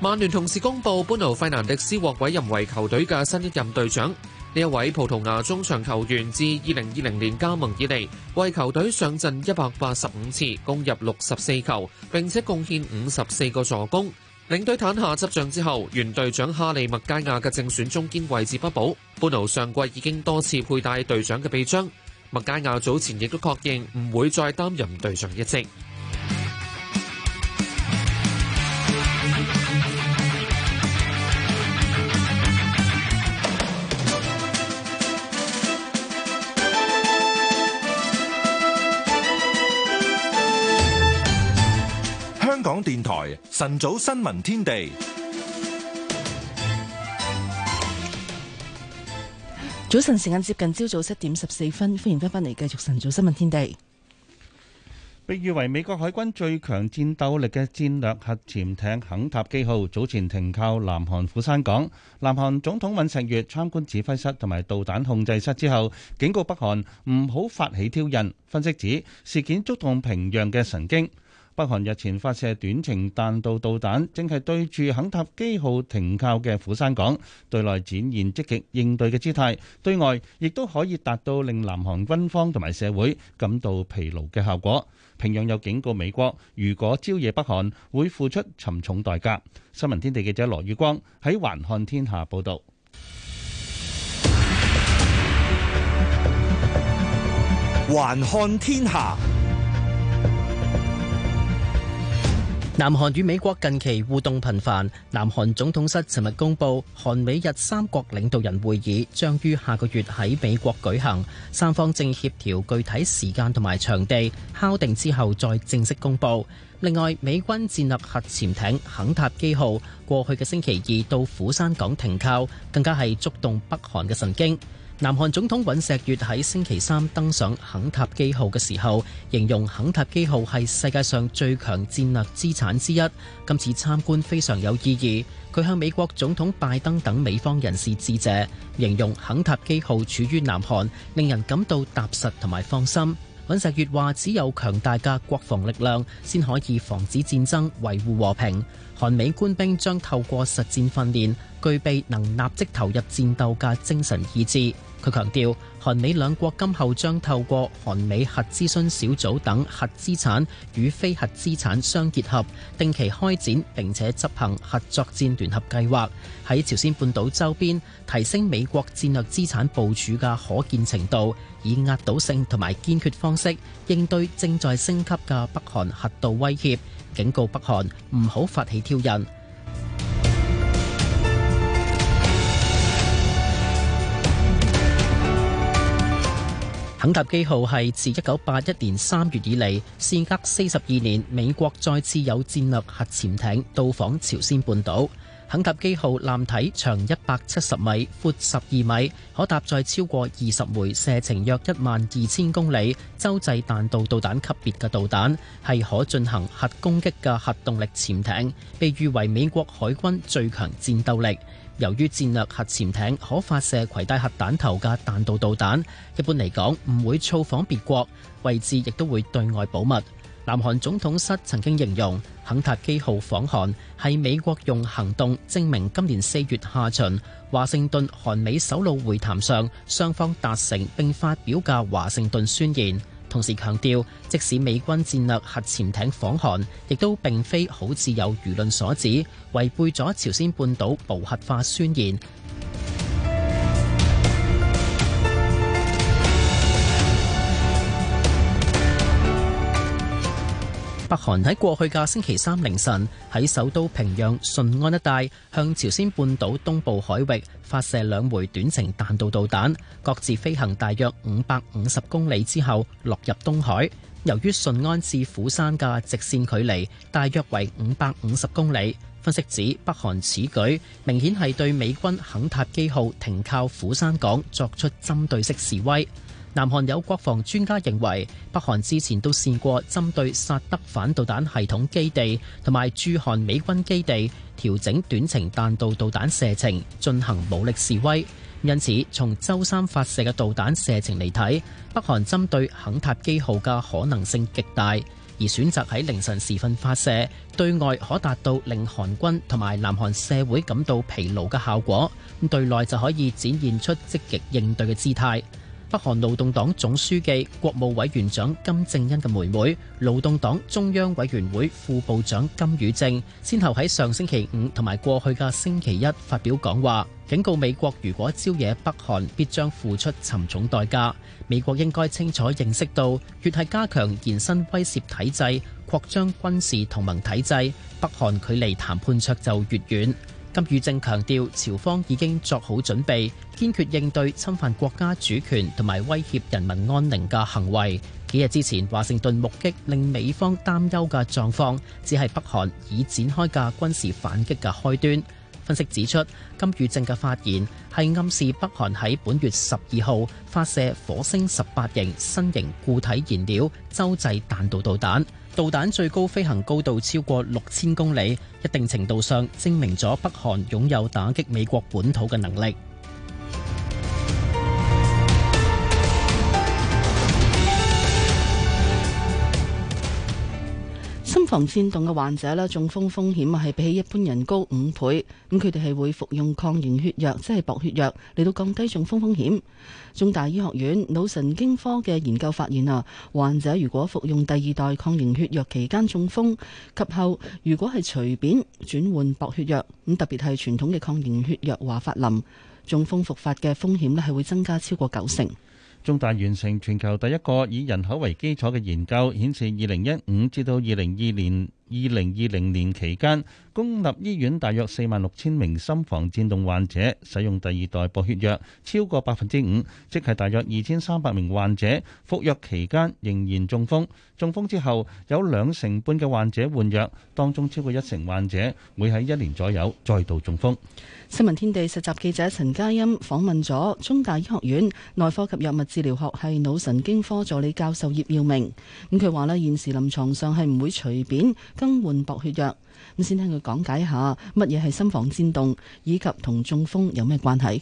曼聯同時公布，布，班奴費南迪斯獲委任為球隊嘅新一任隊長。呢一位葡萄牙中場球員，自二零二零年加盟以嚟，為球隊上陣一百八十五次，攻入六十四球，並且貢獻五十四個助攻。領隊坦下執仗之後，原隊長哈利麥加亞嘅正選中堅位置不保。班奴上季已經多次佩戴隊長嘅臂章。麥加亞早前亦都確認唔會再擔任隊長一職。港電台晨早新聞天地。早晨時間接近朝早七點十四分，歡迎翻返嚟，繼續晨早新聞天地。被譽為美國海軍最強戰鬥力嘅戰略核潛艇肯塔基號，早前停靠南韓釜山港。南韓總統尹錫悦參觀指揮室同埋導彈控制室之後，警告北韓唔好發起挑釁。分析指事件觸動平壤嘅神經。北韓日前發射短程彈道導彈，正係對住肯塔基號停靠嘅釜山港，對內展現積極應對嘅姿態，對外亦都可以達到令南韓軍方同埋社會感到疲勞嘅效果。平壤有警告美國，如果招惹北韓，會付出沉重代價。新聞天地記者羅宇光喺環看天下報道。環看天下。南韓與美國近期互動頻繁。南韓總統室尋日公布，韓美日三國領導人會議將於下個月喺美國舉行，三方正協調具體時間同埋場地，敲定之後再正式公布。另外，美軍戰略核潛艇肯塔基號過去嘅星期二到釜山港停靠，更加係觸動北韓嘅神經。南韓總統尹錫悅喺星期三登上肯塔基號嘅時候，形容肯塔基號係世界上最強戰略資產之一。今次參觀非常有意義。佢向美國總統拜登等美方人士致謝，形容肯塔基號處於南韓，令人感到踏實同埋放心。尹錫悅話：只有強大嘅國防力量，先可以防止戰爭、維護和平。韓美官兵將透過實戰訓練，具備能立即投入戰鬥嘅精神意志。佢強調，韓美兩國今後將透過韓美核諮詢小組等核資產與非核資產相結合，定期開展並且執行核作戰聯合計劃，喺朝鮮半島周邊提升美國戰略資產部署嘅可見程度，以壓倒性同埋堅決方式應對正在升級嘅北韓核導威脅，警告北韓唔好發起挑釁。肯塔基號係自一九八一年三月以嚟，事隔四十二年，美國再次有戰略核潛艇到訪朝鮮半島。肯塔基號艦體長一百七十米，闊十二米，可搭載超過二十枚射程約一萬二千公里洲際彈道導彈級別嘅導彈，係可進行核攻擊嘅核動力潛艇，被譽為美國海軍最強戰鬥力。由於戰略核潛艇可發射攜帶核彈頭嘅彈道導彈，一般嚟講唔會造訪別國，位置亦都會對外保密。南韓總統室曾經形容，肯塔基號訪韓係美國用行動證明今年四月下旬華盛頓韓美首腦會談上，雙方達成並發表嘅華盛頓宣言。同時強調，即使美軍戰略核潛艇訪韓，亦都並非好似有輿論所指，違背咗朝鮮半島無核化宣言。北韓喺過去嘅星期三凌晨，喺首都平壤順安一帶，向朝鮮半島東部海域發射兩枚短程彈道導彈，各自飛行大約五百五十公里之後落入東海。由於順安至釜山嘅直線距離大約為五百五十公里，分析指北韓此舉明顯係對美軍肯塔基號停靠釜山港作出針對式示威。南韓有國防專家認為，北韓之前都試過針對薩德反導彈系統基地同埋駐韓美軍基地調整短程彈道導彈射程進行武力示威，因此從周三發射嘅導彈射程嚟睇，北韓針對肯塔基號嘅可能性極大，而選擇喺凌晨時分發射，對外可達到令韓軍同埋南韓社會感到疲勞嘅效果，咁對內就可以展現出積極應對嘅姿態。北韓勞動黨總書記、國務委員長金正恩嘅妹妹、勞動黨中央委員會副部長金與正，先後喺上星期五同埋過去嘅星期一發表講話，警告美國如果招惹北韓，必將付出沉重代價。美國應該清楚認識到，越係加強延伸威懾體制、擴張軍事同盟體制，北韓距離談判桌就越遠。金與正強調，朝方已經作好準備，堅決應對侵犯國家主權同埋威脅人民安寧嘅行為。幾日之前，華盛頓目擊令美方擔憂嘅狀況，只係北韓已展開嘅軍事反擊嘅開端。分析指出，金與正嘅發言係暗示北韓喺本月十二號發射火星十八型新型固體燃料洲際彈道導彈。導彈最高飛行高度超過六千公里，一定程度上證明咗北韓擁有打擊美國本土嘅能力。心房顫動嘅患者咧，中風風險啊係比起一般人高五倍。咁佢哋係會服用抗凝血藥，即係薄血藥嚟到降低中風風險。中大醫學院腦神經科嘅研究發現啊，患者如果服用第二代抗凝血藥期間中風，及後如果係隨便轉換薄血藥，咁特別係傳統嘅抗凝血藥華法林，中風復發嘅風險咧係會增加超過九成。中大完成全球第一個以人口為基礎嘅研究，顯示二零一五至到二零二二年。二零二零年期間，公立醫院大約四萬六千名心房顫動患者使用第二代薄血藥，超過百分之五，即係大約二千三百名患者服藥期間仍然中風。中風之後，有兩成半嘅患者換藥，當中超過一成患者會喺一年左右再度中風。新聞天地實習記者陳嘉欣訪問咗中大醫學院內科及藥物治療學系腦神經科助理教授葉耀明，咁佢話呢，現時臨床上係唔會隨便更換薄血藥咁，先聽佢講解一下乜嘢係心房顫動，以及同中風有咩關係。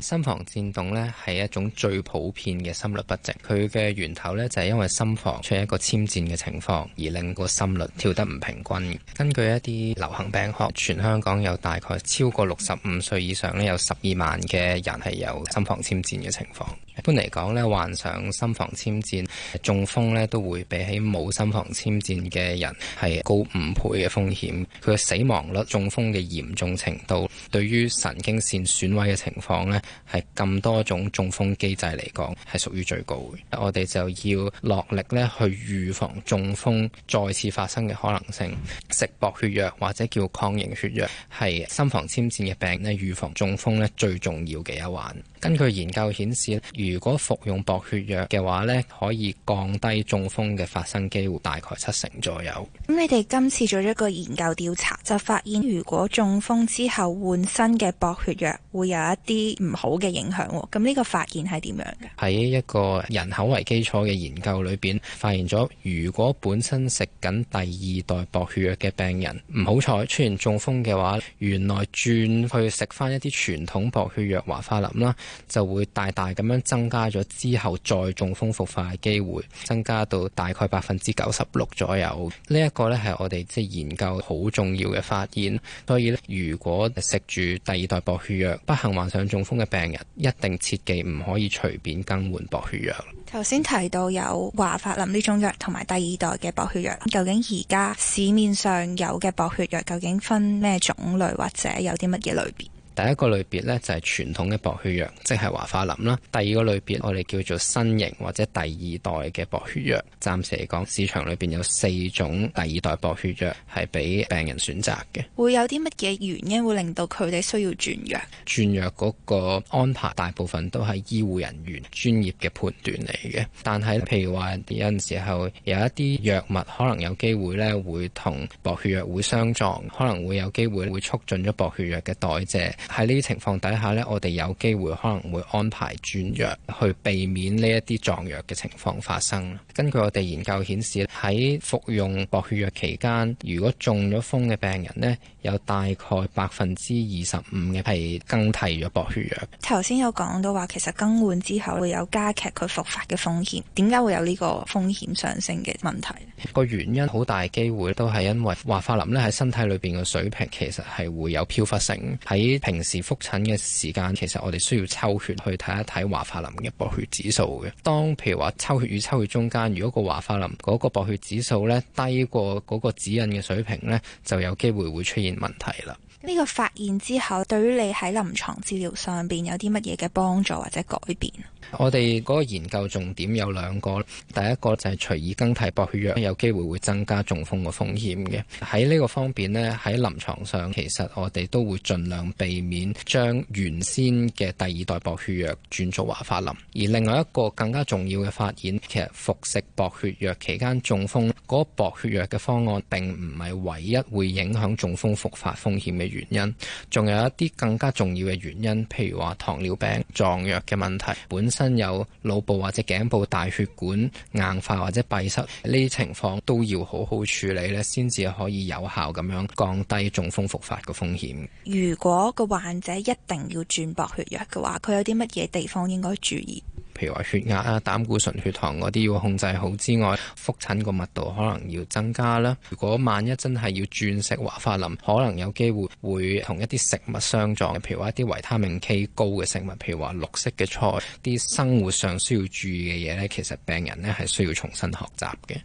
心房顫動咧係一種最普遍嘅心律不整，佢嘅源頭咧就係、是、因為心房出現一個纖顫嘅情況，而令個心率跳得唔平均。根據一啲流行病學，全香港有大概超過六十五歲以上咧，有十二萬嘅人係有心房纖顫嘅情況。一般嚟講咧，患上心房纖顫中風咧，都會比起冇心房纖顫嘅人係高五倍嘅風險。佢嘅死亡率、中風嘅嚴重程度，對於神經線損壞嘅情況咧。係咁多種中風機制嚟講，係屬於最高嘅。我哋就要落力咧，去預防中風再次發生嘅可能性。食薄血藥或者叫抗凝血藥，係心房纖顫嘅病咧，預防中風咧最重要嘅一環。根據研究顯示，如果服用薄血藥嘅話呢，可以降低中風嘅發生機會，大概七成左右。咁你哋今次做咗一個研究調查，就發現如果中風之後換新嘅薄血藥，會有一啲唔好嘅影響。咁呢個發現係點樣嘅？喺一個人口為基礎嘅研究裏邊，發現咗如果本身食緊第二代薄血藥嘅病人唔好彩出現中風嘅話，原來轉去食返一啲傳統薄血藥華法林啦。就會大大咁樣增加咗之後再中風復發嘅機會，增加到大概百分之九十六左右。呢一個呢係我哋即係研究好重要嘅發現。所以呢，如果食住第二代薄血藥，不幸患上中風嘅病人，一定切忌唔可以隨便更換薄血藥。頭先提到有華法林呢種藥同埋第二代嘅薄血藥，究竟而家市面上有嘅薄血藥究竟分咩種類，或者有啲乜嘢類別？第一個類別咧，就係傳統嘅薄血藥，即係華法林啦。第二個類別我哋叫做新型或者第二代嘅薄血藥。暫時嚟講，市場裏邊有四種第二代薄血藥係俾病人選擇嘅。會有啲乜嘢原因會令到佢哋需要轉藥？轉藥嗰個安排大部分都係醫護人員專業嘅判斷嚟嘅。但係譬如話有陣時候有一啲藥物可能有機會咧，會同薄血藥會相撞，可能會有機會會促進咗薄血藥嘅代謝。喺呢啲情況底下呢，我哋有機會可能會安排轉藥，去避免呢一啲撞藥嘅情況發生。根據我哋研究顯示，喺服用薄血藥期間，如果中咗風嘅病人呢，有大概百分之二十五嘅係更替咗薄血藥。頭先有講到話，其實更換之後會有加劇佢復發嘅風險。點解會有呢個風險上升嘅問題？個原因好大機會都係因為華法林咧喺身體裏邊嘅水平其實係會有飄忽性喺平。平時覆診嘅時間，其實我哋需要抽血去睇一睇華法林嘅薄血指數嘅。當譬如話抽血與抽血中間，如果個華法林嗰個薄血指數咧低過嗰個指引嘅水平咧，就有機會會出現問題啦。呢個發現之後，對於你喺臨床治療上面有啲乜嘢嘅幫助或者改變？我哋嗰個研究重點有兩個，第一個就係隨意更替薄血藥有機會會增加中風嘅風險嘅。喺呢個方面咧，喺臨床上其實我哋都會盡量避免將原先嘅第二代薄血藥轉做華法林。而另外一個更加重要嘅發現，其實服食薄血藥期間中風嗰薄、那個、血藥嘅方案並唔係唯一會影響中風復發風險嘅原因，仲有一啲更加重要嘅原因，譬如話糖尿病撞藥嘅問題本身。身有腦部或者頸部大血管硬化或者閉塞呢啲情況都要好好處理咧，先至可以有效咁樣降低中風復發嘅風險。如果個患者一定要轉薄血藥嘅話，佢有啲乜嘢地方應該注意？譬如話血壓啊、膽固醇、血糖嗰啲要控制好之外，復診個密度可能要增加啦。如果萬一真係要轉食華法林，可能有機會會同一啲食物相撞，譬如話一啲維他命 K 高嘅食物，譬如話綠色嘅菜。啲生活上需要注意嘅嘢呢，其實病人呢係需要重新學習嘅。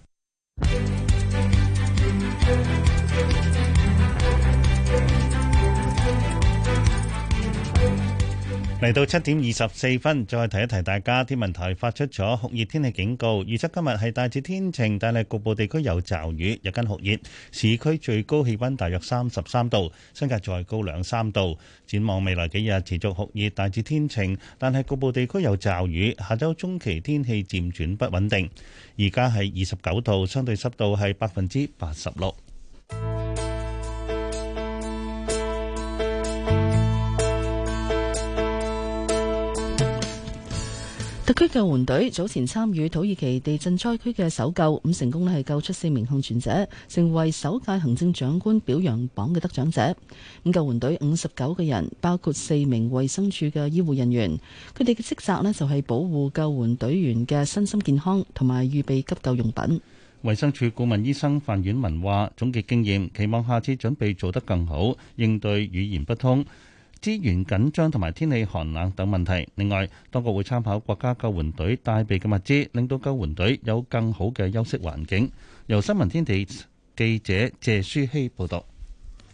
嚟到七點二十四分，再提一提大家，天文台發出咗酷熱天氣警告，預測今日係大致天晴，但係局部地區有驟雨，日間酷熱。市區最高氣溫大約三十三度，新界再高兩三度。展望未來幾日持續酷熱大致天晴，但係局部地區有驟雨。下周中期天氣漸轉不穩定。而家係二十九度，相對濕度係百分之八十六。特區救援隊早前參與土耳其地震災區嘅搜救，咁成功咧係救出四名倖存者，成為首屆行政長官表揚榜嘅得獎者。咁救援隊五十九個人，包括四名衛生署嘅醫護人員，佢哋嘅職責咧就係保護救援隊員嘅身心健康同埋預備急救用品。衛生署顧問醫生范婉文話：總結經驗，期望下次準備做得更好，應對語言不通。資源緊張同埋天氣寒冷等問題。另外，當局會參考國家救援隊帶備嘅物資，令到救援隊有更好嘅休息環境。由新聞天地記者謝舒希報道。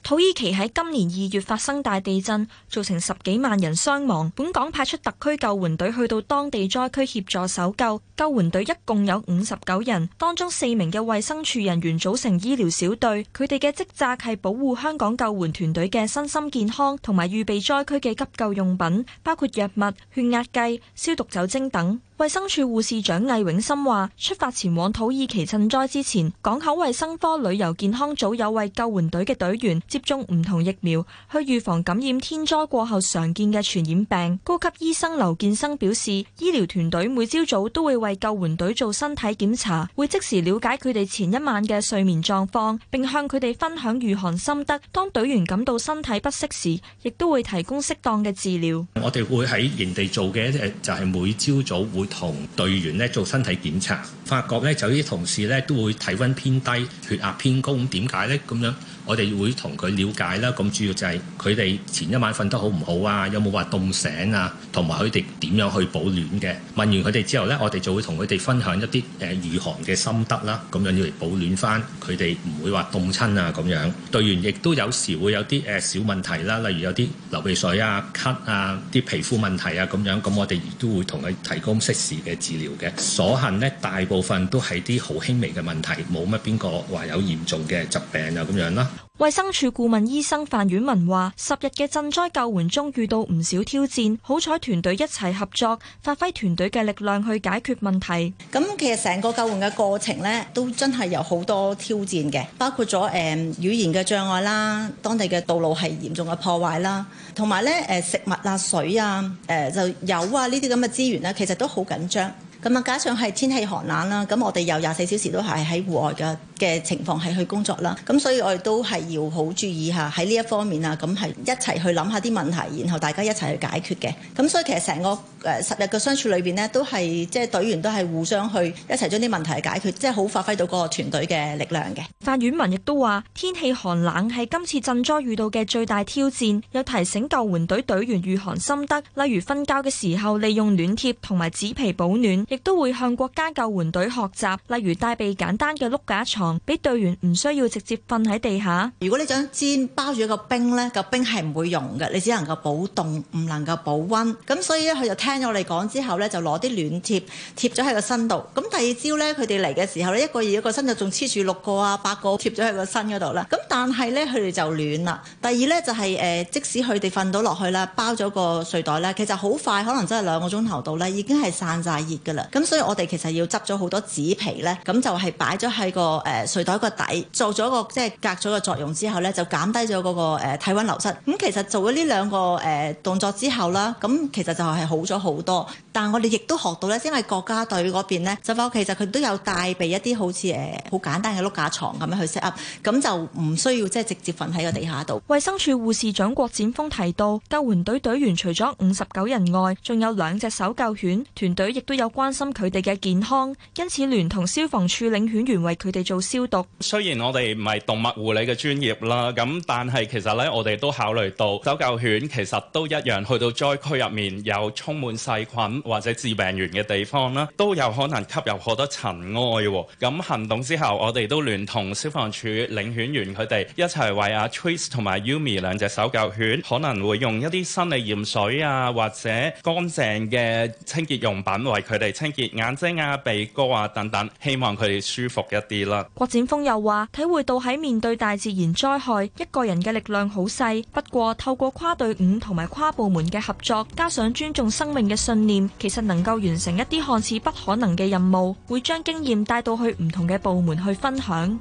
土耳其喺今年二月發生大地震，造成十幾萬人傷亡。本港派出特區救援隊去到當地災區協助搜救。救援隊一共有五十九人，當中四名嘅衛生署人員組成醫療小隊。佢哋嘅職責係保護香港救援團隊嘅身心健康，同埋預備災區嘅急救用品，包括藥物、血壓計、消毒酒精等。衛生署護士長魏永森話：出發前往土耳其賑災之前，港口衛生科旅遊健康組有為救援隊嘅隊員接種唔同疫苗，去預防感染天災過後常見嘅傳染病。高級醫生劉建生表示，醫療團隊每朝早都會為救援隊做身體檢查，會即時了解佢哋前一晚嘅睡眠狀況，並向佢哋分享禦寒心得。當隊員感到身體不適時，亦都會提供適當嘅治療。我哋會喺營地做嘅就係每朝早會同隊員咧做身體檢查，發覺咧就有啲同事咧都會體温偏低、血壓偏高，點解呢？咁樣。我哋會同佢了解啦，咁主要就係佢哋前一晚瞓得好唔好啊？有冇話凍醒啊？同埋佢哋點樣去保暖嘅？問完佢哋之後呢，我哋就會同佢哋分享一啲誒御寒嘅心得啦，咁樣要嚟保暖翻佢哋，唔會話凍親啊咁樣。隊員亦都有時會有啲誒、呃、小問題啦，例如有啲流鼻水啊、咳啊、啲皮膚問題啊咁樣，咁我哋都會同佢提供適時嘅治療嘅。所幸呢，大部分都係啲好輕微嘅問題，冇乜邊個話有嚴重嘅疾病又咁樣啦。衛生署顧問醫生范婉文話：十日嘅震災救援中遇到唔少挑戰，好彩團隊一齊合作，發揮團隊嘅力量去解決問題。咁其實成個救援嘅過程咧，都真係有好多挑戰嘅，包括咗誒、呃、語言嘅障礙啦，當地嘅道路係嚴重嘅破壞啦，同埋咧誒食物啊、水啊、誒、呃、就油啊呢啲咁嘅資源咧，其實都好緊張。咁啊，加上係天氣寒冷啦，咁我哋有廿四小時都係喺戶外嘅嘅情況係去工作啦。咁所以我哋都係要好注意下喺呢一方面啊，咁係一齊去諗下啲問題，然後大家一齊去解決嘅。咁所以其實成個誒十日嘅相處裏邊呢，都係即係隊員都係互相去一齊將啲問題解決，即係好發揮到個團隊嘅力量嘅。法院民亦都話：天氣寒冷係今次震災遇到嘅最大挑戰，有提醒救援隊隊員御寒心得，例如瞓覺嘅時候利用暖貼同埋紙皮保暖。亦都會向國家救援隊學習，例如帶備簡單嘅碌架床，俾隊員唔需要直接瞓喺地下。如果你張氈包住一個冰咧，個冰係唔會溶嘅，你只能夠保凍，唔能夠保溫。咁所以咧，佢就聽咗我哋講之後咧，就攞啲暖貼貼咗喺個身度。咁第二朝咧，佢哋嚟嘅時候咧，一個一個，一個身就仲黐住六個啊八個貼咗喺個身嗰度啦。咁但係咧，佢哋就暖啦。第二咧就係、是、誒、呃，即使佢哋瞓到落去啦，包咗個睡袋咧，其實好快，可能真係兩個鐘頭度咧，已經係散晒熱㗎啦。咁所以我哋其實要執咗好多紙皮咧，咁就係擺咗喺個誒睡袋個底，做咗個即係隔咗個作用之後咧，就減低咗嗰、那個誒、呃、體溫流失。咁、嗯、其實做咗呢兩個誒、呃、動作之後啦，咁其實就係好咗好多。但係我哋亦都學到咧，因為國家隊嗰邊咧，就返屋企就佢都有帶備一啲好似誒好簡單嘅碌架床咁樣去 set up，咁就唔需要即係直接瞓喺個地下度。衛生署護士長郭展峰提到，救援隊隊員除咗五十九人外，仲有兩隻搜救犬，團隊亦都有關。關心佢哋嘅健康，因此聯同消防處領犬員為佢哋做消毒。雖然我哋唔係動物護理嘅專業啦，咁但係其實咧，我哋都考慮到搜救犬其實都一樣，去到災區入面有充滿細菌或者致病源嘅地方啦，都有可能吸入好多塵埃。咁行動之後，我哋都聯同消防處領犬員佢哋一齊為阿 Trace 同埋 Yumi 兩隻搜救犬，可能會用一啲生理鹽水啊，或者乾淨嘅清潔用品為佢哋。清潔眼睛啊、鼻哥啊等等，希望佢哋舒服一啲啦。郭展峰又話，體會到喺面對大自然災害，一個人嘅力量好細。不過透過跨隊伍同埋跨部門嘅合作，加上尊重生命嘅信念，其實能夠完成一啲看似不可能嘅任務，會將經驗帶到去唔同嘅部門去分享。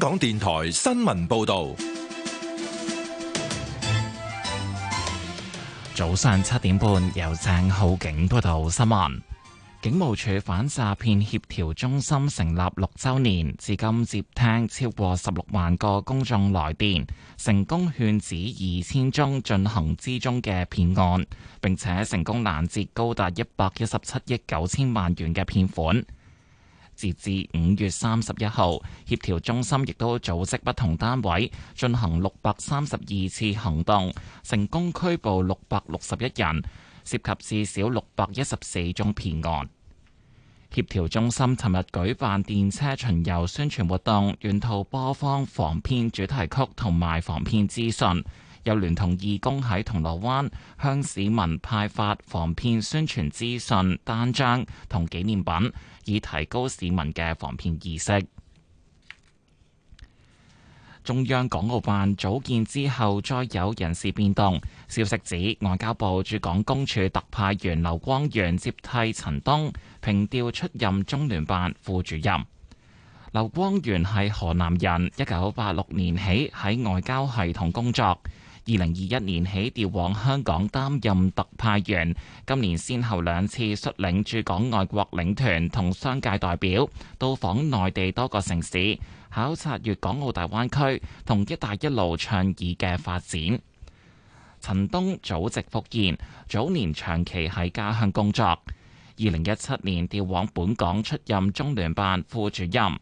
香港電台新聞報道，早上七點半由鄭浩景報道新聞。警務處反詐騙協調中心成立六周年，至今接聽超過十六萬個公眾來電，成功勸止二千宗進行之中嘅騙案，並且成功攔截高達一百一十七億九千萬元嘅騙款。截至五月三十一號，協調中心亦都組織不同單位進行六百三十二次行動，成功拘捕六百六十一人，涉及至少六百一十四宗騙案。協調中心尋日舉辦電車巡遊宣傳活動，沿途播放防騙主題曲同埋防騙資訊。又聯同義工喺銅鑼灣向市民派發防騙宣傳資訊單張同紀念品，以提高市民嘅防騙意識。中央港澳辦組建之後，再有人事變動。消息指外交部駐港公署特派員劉光元接替陳東，平調出任中聯辦副主任。劉光元係河南人，一九八六年起喺外交系統工作。二零二一年起調往香港擔任特派員，今年先後兩次率領駐港外國領團同商界代表到訪內地多個城市，考察粵港澳大灣區同“一帶一路”倡議嘅發展。陳東祖籍福建，早年長期喺家鄉工作，二零一七年調往本港出任中聯辦副主任，佢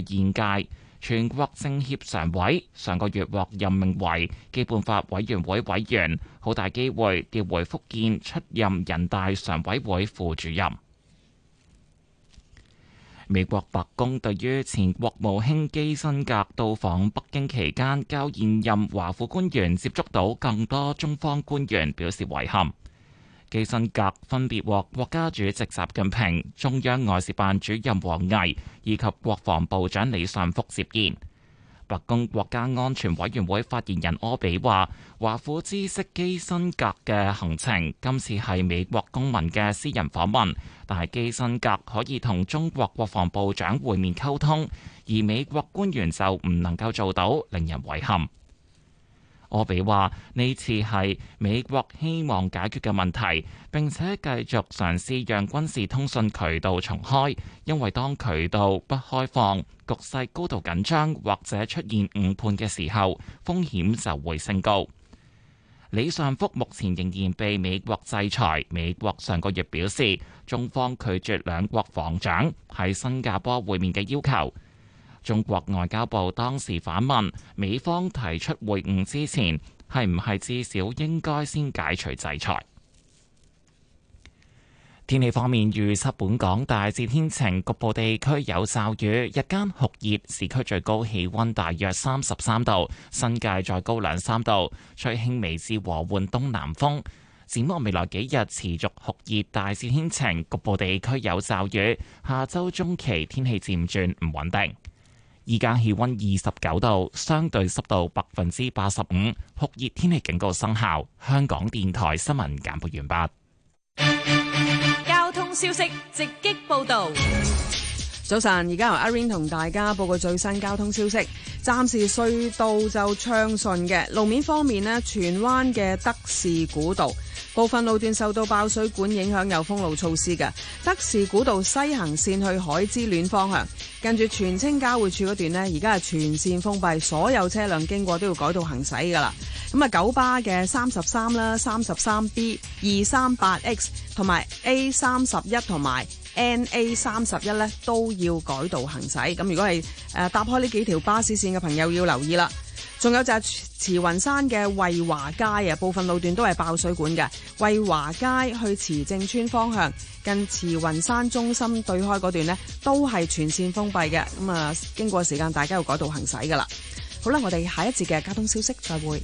係現屆。全國政協常委，上個月獲任命為基本法委員會委員，好大機會調回福建出任人大常委會副主任。美國白宮對於前國務卿基辛格到訪北京期間，較現任華府官員接觸到更多中方官員，表示遺憾。基辛格分別獲國家主席習近平、中央外事辦主任王毅以及國防部長李尚福接見。白宮國家安全委員會發言人柯比話：華府知悉基辛格嘅行程，今次係美國公民嘅私人訪問，但係基辛格可以同中國國防部長會面溝通，而美國官員就唔能夠做到，令人遺憾。柯比話，呢次係美國希望解決嘅問題，並且繼續嘗試讓軍事通訊渠道重開，因為當渠道不開放，局勢高度緊張或者出現誤判嘅時候，風險就會升高。李尚福目前仍然被美國制裁，美國上個月表示中方拒絕兩國防長喺新加坡會面嘅要求。中國外交部當時反問美方提出會晤之前，係唔係至少應該先解除制裁？天氣方面，預測本港大致天晴，局部地區有驟雨，日間酷熱，市區最高氣溫大約三十三度，新界再高兩三度，吹輕微至和緩東南風。展望未來幾日持續酷熱，大致天晴，局部地區有驟雨。下周中期天氣漸轉唔穩定。依家氣溫二十九度，相對濕度百分之八十五，酷熱天氣警告生效。香港電台新聞簡報完畢。交通消息直擊報道。早晨，而家由阿 Rain 同大家報個最新交通消息。暫時隧道就暢順嘅，路面方面，呢荃灣嘅德士古道。部分路段受到爆水管影響有封路措施嘅，德士古道西行線去海之戀方向，近住全清交匯處嗰段咧，而家係全線封閉，所有車輛經過都要改道行駛噶啦。咁啊，九巴嘅三十三啦、三十三 B、二三八 X 同埋 A 三十一同埋 NA 三十一呢，都要改道行駛。咁如果係誒搭開呢幾條巴士線嘅朋友要留意啦。仲有就係慈雲山嘅惠華街啊，部分路段都係爆水管嘅。惠華街去慈正村方向，近慈雲山中心對開嗰段呢，都係全線封閉嘅。咁啊，經過時間大家要改道行駛㗎喇。好啦，我哋下一節嘅交通消息再會。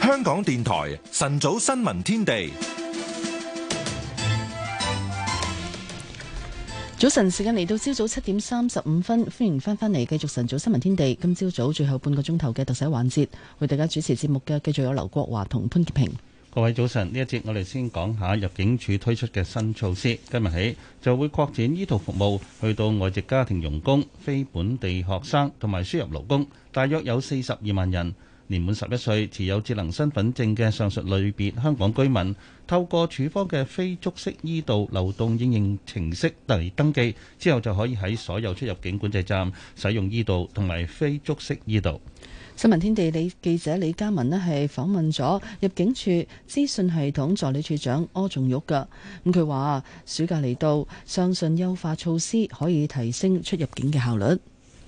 香港電台晨早新聞天地。早晨，時間嚟到朝早七點三十五分，歡迎翻返嚟繼續晨早新聞天地。今朝早，早最後半個鐘頭嘅特寫環節，為大家主持節目嘅繼續有劉國華同潘潔平。各位早晨，呢一節我哋先講下入境處推出嘅新措施，今日起就會擴展呢套服務去到外籍家庭傭工、非本地學生同埋輸入勞工，大約有四十二萬人。年滿十一歲、持有智能身份證嘅上述類別香港居民，透過處方嘅非接觸式 e- 道流動應用程式嚟登記，之後就可以喺所有出入境管制站使用 e- 道同埋非接觸式 e- 道。新聞天地李記者李嘉文咧係訪問咗入境處資訊系統助理處長柯仲玉噶，咁佢話：暑假嚟到，相信優化措施可以提升出入境嘅效率。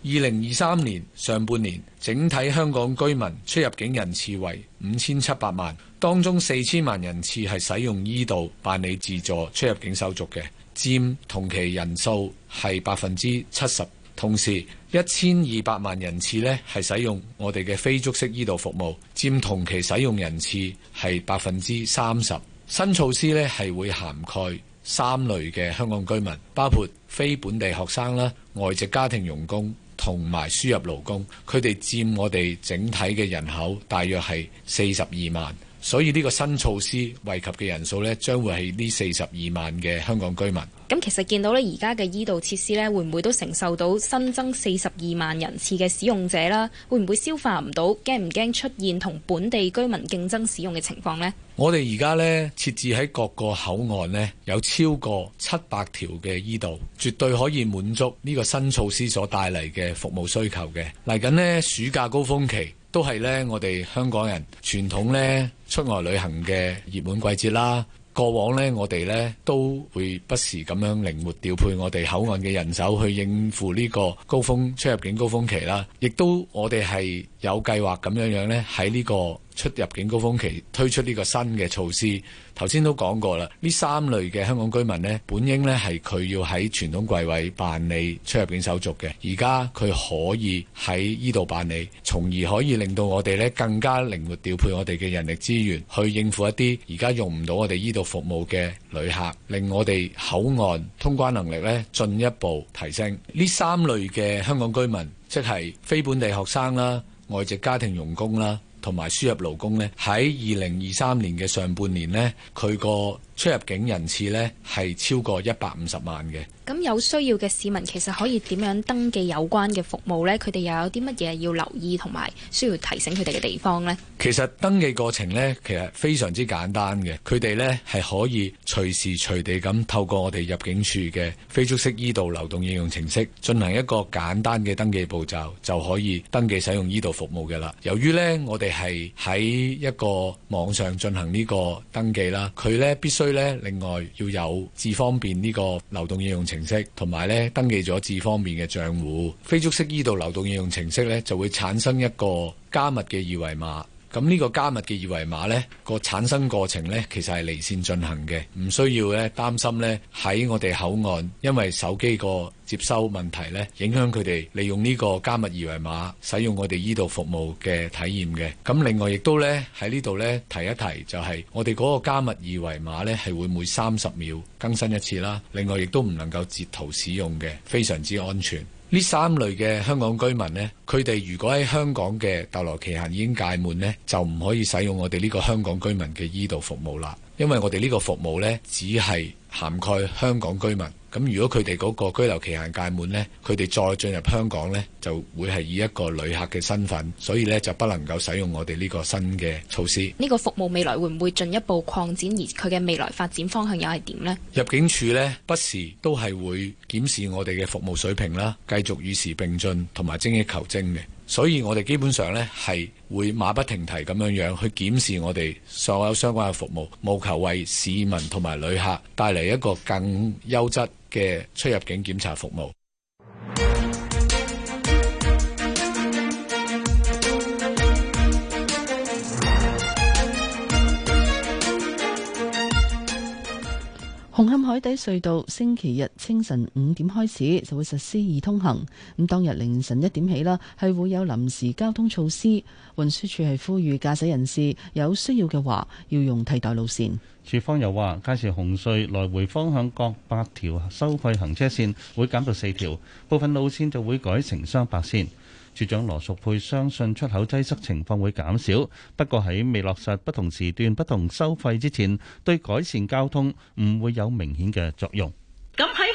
二零二三年上半年，整體香港居民出入境人次為五千七百萬，當中四千萬人次係使用醫度辦理自助出入境手續嘅，占同期人數係百分之七十。同時，一千二百萬人次咧係使用我哋嘅非足式醫度服務，占同期使用人次係百分之三十。新措施咧係會涵蓋三類嘅香港居民，包括非本地學生啦、外籍家庭傭工。同埋輸入勞工，佢哋佔我哋整體嘅人口，大約係四十二萬。所以呢個新措施惠及嘅人數呢，將會係呢四十二萬嘅香港居民。咁其實見到呢而家嘅 e 道設施呢，會唔會都承受到新增四十二萬人次嘅使用者啦？會唔會消化唔到？驚唔驚出現同本地居民競爭使用嘅情況呢？我哋而家呢設置喺各個口岸呢，有超過七百條嘅 e 道，絕對可以滿足呢個新措施所帶嚟嘅服務需求嘅。嚟緊呢暑假高峰期。都係呢，我哋香港人傳統呢出外旅行嘅熱門季節啦。過往呢，我哋呢都會不時咁樣靈活調配我哋口岸嘅人手去應付呢個高峰出入境高峰期啦。亦都我哋係有計劃咁樣樣呢喺呢個出入境高峰期推出呢個新嘅措施，頭先都講過啦。呢三類嘅香港居民咧，本應咧係佢要喺傳統櫃位辦理出入境手續嘅，而家佢可以喺依度辦理，從而可以令到我哋咧更加靈活調配我哋嘅人力資源去應付一啲而家用唔到我哋依度服務嘅旅客，令我哋口岸通關能力咧進一步提升。呢三類嘅香港居民，即係非本地學生啦、外籍家庭傭工啦。同埋輸入勞工咧，喺二零二三年嘅上半年咧，佢個出入境人次呢，係超過一百五十萬嘅。咁有需要嘅市民其實可以點樣登記有關嘅服務呢？佢哋又有啲乜嘢要留意同埋需要提醒佢哋嘅地方呢？其實登記過程呢，其實非常之簡單嘅。佢哋呢，係可以隨時隨地咁透過我哋入境處嘅非接觸式 e- 道流動應用程式進行一個簡單嘅登記步驟，就可以登記使用 e- 道服務嘅啦。由於呢，我哋係喺一個網上進行呢個登記啦，佢呢必須。呢，另外要有智方便呢個流動應用程式，同埋呢登記咗智方便嘅賬戶，非足式依度流動應用程式呢，就會產生一個加密嘅二維碼。咁呢個加密嘅二維碼呢個產生過程呢，其實係離線進行嘅，唔需要呢擔心呢喺我哋口岸因為手機個接收問題呢影響佢哋利用呢個加密二維碼使用我哋依度服務嘅體驗嘅。咁另外亦都呢喺呢度呢提一提，就係，就係我哋嗰個加密二維碼呢係會每三十秒更新一次啦。另外亦都唔能夠截圖使用嘅，非常之安全。呢三類嘅香港居民呢，佢哋如果喺香港嘅逗留期限已經屆滿呢，就唔可以使用我哋呢個香港居民嘅醫度服務啦，因為我哋呢個服務呢，只係涵蓋香港居民。咁如果佢哋嗰個居留期限屆滿咧，佢哋再進入香港咧，就會係以一個旅客嘅身份，所以咧就不能夠使用我哋呢個新嘅措施。呢個服務未來會唔會進一步擴展？而佢嘅未來發展方向又係點咧？入境處咧不時都係會檢視我哋嘅服務水平啦，繼續與時並進同埋精益求精嘅。所以，我哋基本上咧係會馬不停蹄咁樣樣去檢視我哋所有相關嘅服務，務求為市民同埋旅客帶嚟一個更優質。嘅出入境檢查服務。紅磡海底隧道星期日清晨五點開始就會實施易通行，咁當日凌晨一點起啦，係會有臨時交通措施。運輸署係呼籲駕駛人士有需要嘅話，要用替代路線。署方又話，屆時紅隧來回方向各八條收費行車線會減到四條，部分路線就會改成雙白線。署長羅淑佩相信出口擠塞情況會減少，不過喺未落實不同時段不同收費之前，對改善交通唔會有明顯嘅作用。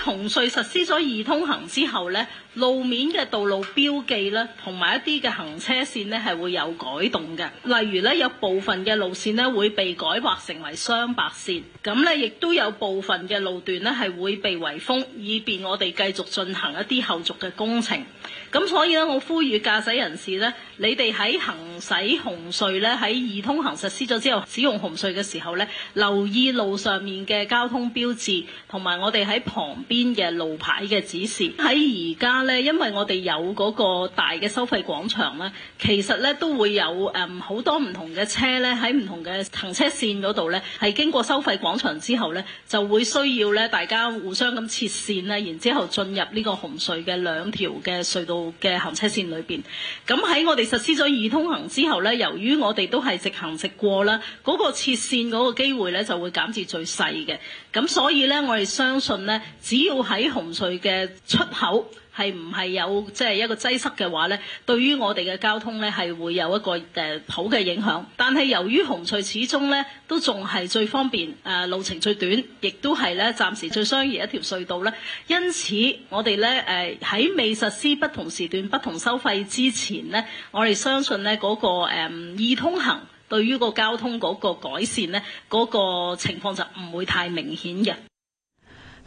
紅隧實施咗二通行之後咧，路面嘅道路標記咧，同埋一啲嘅行車線咧，係會有改動嘅。例如咧，有部分嘅路線咧，會被改劃成為雙白線。咁呢亦都有部分嘅路段咧，係會被圍封，以便我哋繼續進行一啲後續嘅工程。咁所以咧，我呼籲駕駛人士咧，你哋喺行駛紅隧咧，喺二通行實施咗之後，使用紅隧嘅時候咧，留意路上面嘅交通標誌，同埋我哋喺旁邊嘅路牌嘅指示。喺而家呢，因為我哋有嗰個大嘅收費廣場呢，其實呢都會有誒好、嗯、多唔同嘅車呢。喺唔同嘅行車線嗰度呢，係經過收費廣場之後呢，就會需要呢大家互相咁切線啦，然之後進入呢個紅隧嘅兩條嘅隧道嘅行車線裏邊。咁喺我哋實施咗易通行之後呢，由於我哋都係直行直過啦，嗰、嗰個切線嗰個機會呢就會減至最細嘅。咁所以呢，我哋相信呢。只只要喺紅隧嘅出口係唔係有即係、就是、一個擠塞嘅話咧，對於我哋嘅交通咧係會有一個誒、呃、好嘅影響。但係由於紅隧始終咧都仲係最方便誒、呃、路程最短，亦都係咧暫時最相宜一條隧道咧，因此我哋咧誒喺未實施不同時段不同收費之前咧，我哋相信咧嗰、那個誒、呃、易通行對於個交通嗰個改善咧嗰、那個情況就唔會太明顯嘅。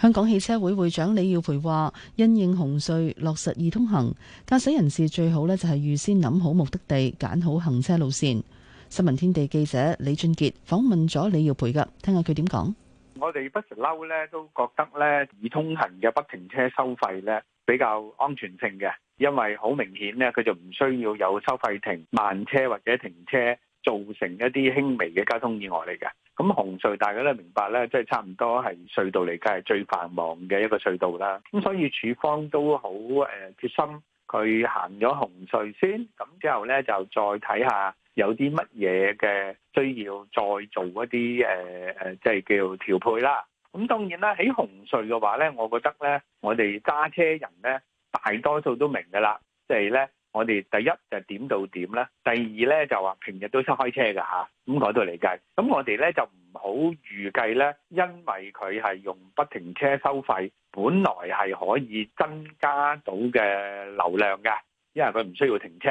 香港汽車會會長李耀培話，因應紅隧落實易通行，駕駛人士最好咧就係預先諗好目的地，揀好行車路線。新聞天地記者李俊杰訪問咗李耀培噶，聽下佢點講。我哋不嬲咧，都覺得咧易通行嘅不停車收費咧比較安全性嘅，因為好明顯咧佢就唔需要有收費停、慢車或者停車。造成一啲輕微嘅交通意外嚟嘅，咁紅隧大家都明白咧，即係差唔多係隧道嚟，梗係最繁忙嘅一個隧道啦。咁所以署方都好誒決心，佢行咗紅隧先，咁之後咧就再睇下有啲乜嘢嘅需要再做一啲誒誒，即係叫調配啦。咁當然啦，喺紅隧嘅話咧，我覺得咧，我哋揸車人咧大多數都明噶啦，係咧。我哋第一就點到點咧，第二咧就話平日都識開車嘅嚇、啊，咁嗰度嚟計。咁我哋咧就唔好預計咧，因為佢係用不停車收費，本來係可以增加到嘅流量嘅，因為佢唔需要停車。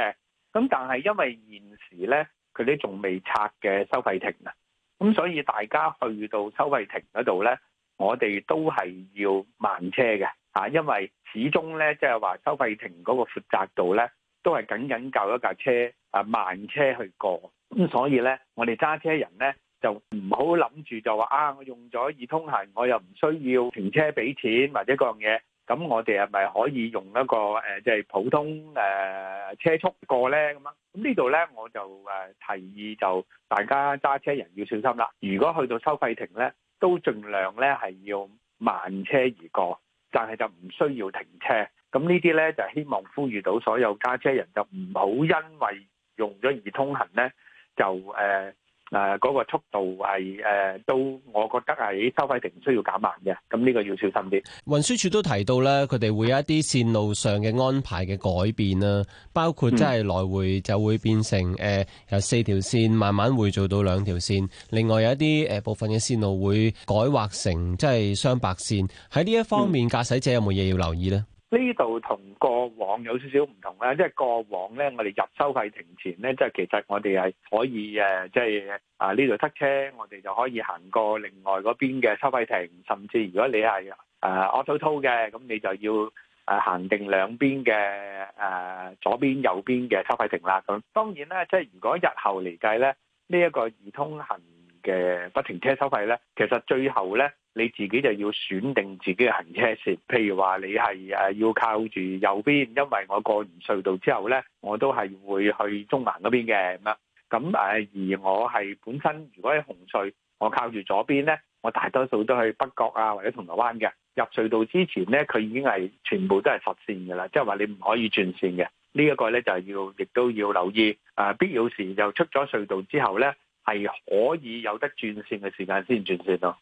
咁但係因為現時咧佢啲仲未拆嘅收費亭啊，咁所以大家去到收費亭嗰度咧，我哋都係要慢車嘅嚇、啊，因為始終咧即係話收費亭嗰個闊窄度咧。都係僅僅教一架車啊，慢車去過，咁所以呢，我哋揸車人呢就唔好諗住就話啊，我用咗易通行，我又唔需要停車俾錢或者各樣嘢，咁我哋係咪可以用一個誒，即、呃、係、就是、普通誒、呃、車速過呢？咁啊，咁呢度呢，我就誒提議就大家揸車人要小心啦。如果去到收費亭呢，都盡量呢係要慢車而過。但係就唔需要停車，咁呢啲呢，就希望呼籲到所有駕車人就唔好因為用咗而通行呢，就誒、呃誒嗰個速度係誒都，我覺得喺收費亭需要減慢嘅，咁呢個要小心啲。運輸署都提到咧，佢哋會有一啲線路上嘅安排嘅改變啦，包括即係來回就會變成誒由四條線慢慢會做到兩條線。另外有一啲誒部分嘅線路會改劃成即係雙白線。喺呢一方面，駕駛者有冇嘢要留意呢？呢度同過往有少少唔同咧，即係過往呢，我哋入收費亭前呢，即係其實我哋係可以誒，即係啊呢度塞車，我哋就可以行過另外嗰邊嘅收費亭，甚至如果你係誒 Autotoll 嘅，咁、啊、你就要誒、啊、行定兩邊嘅誒左邊、右邊嘅收費亭啦。咁當然啦，即係如果日後嚟計呢，呢、這、一個易通行嘅不停車收費呢，其實最後呢。你自己就要選定自己嘅行車線，譬如話你係誒要靠住右邊，因為我過完隧道之後呢，我都係會去中環嗰邊嘅咁啦。咁誒而我係本身如果係紅隧，我靠住左邊呢，我大多數都去北角啊或者銅鑼灣嘅入隧道之前呢，佢已經係全部都係實線㗎啦，即係話你唔可以轉線嘅呢一個呢，就係要亦都要留意啊。必要時就出咗隧道之後呢，係可以有得轉線嘅時間先轉線咯。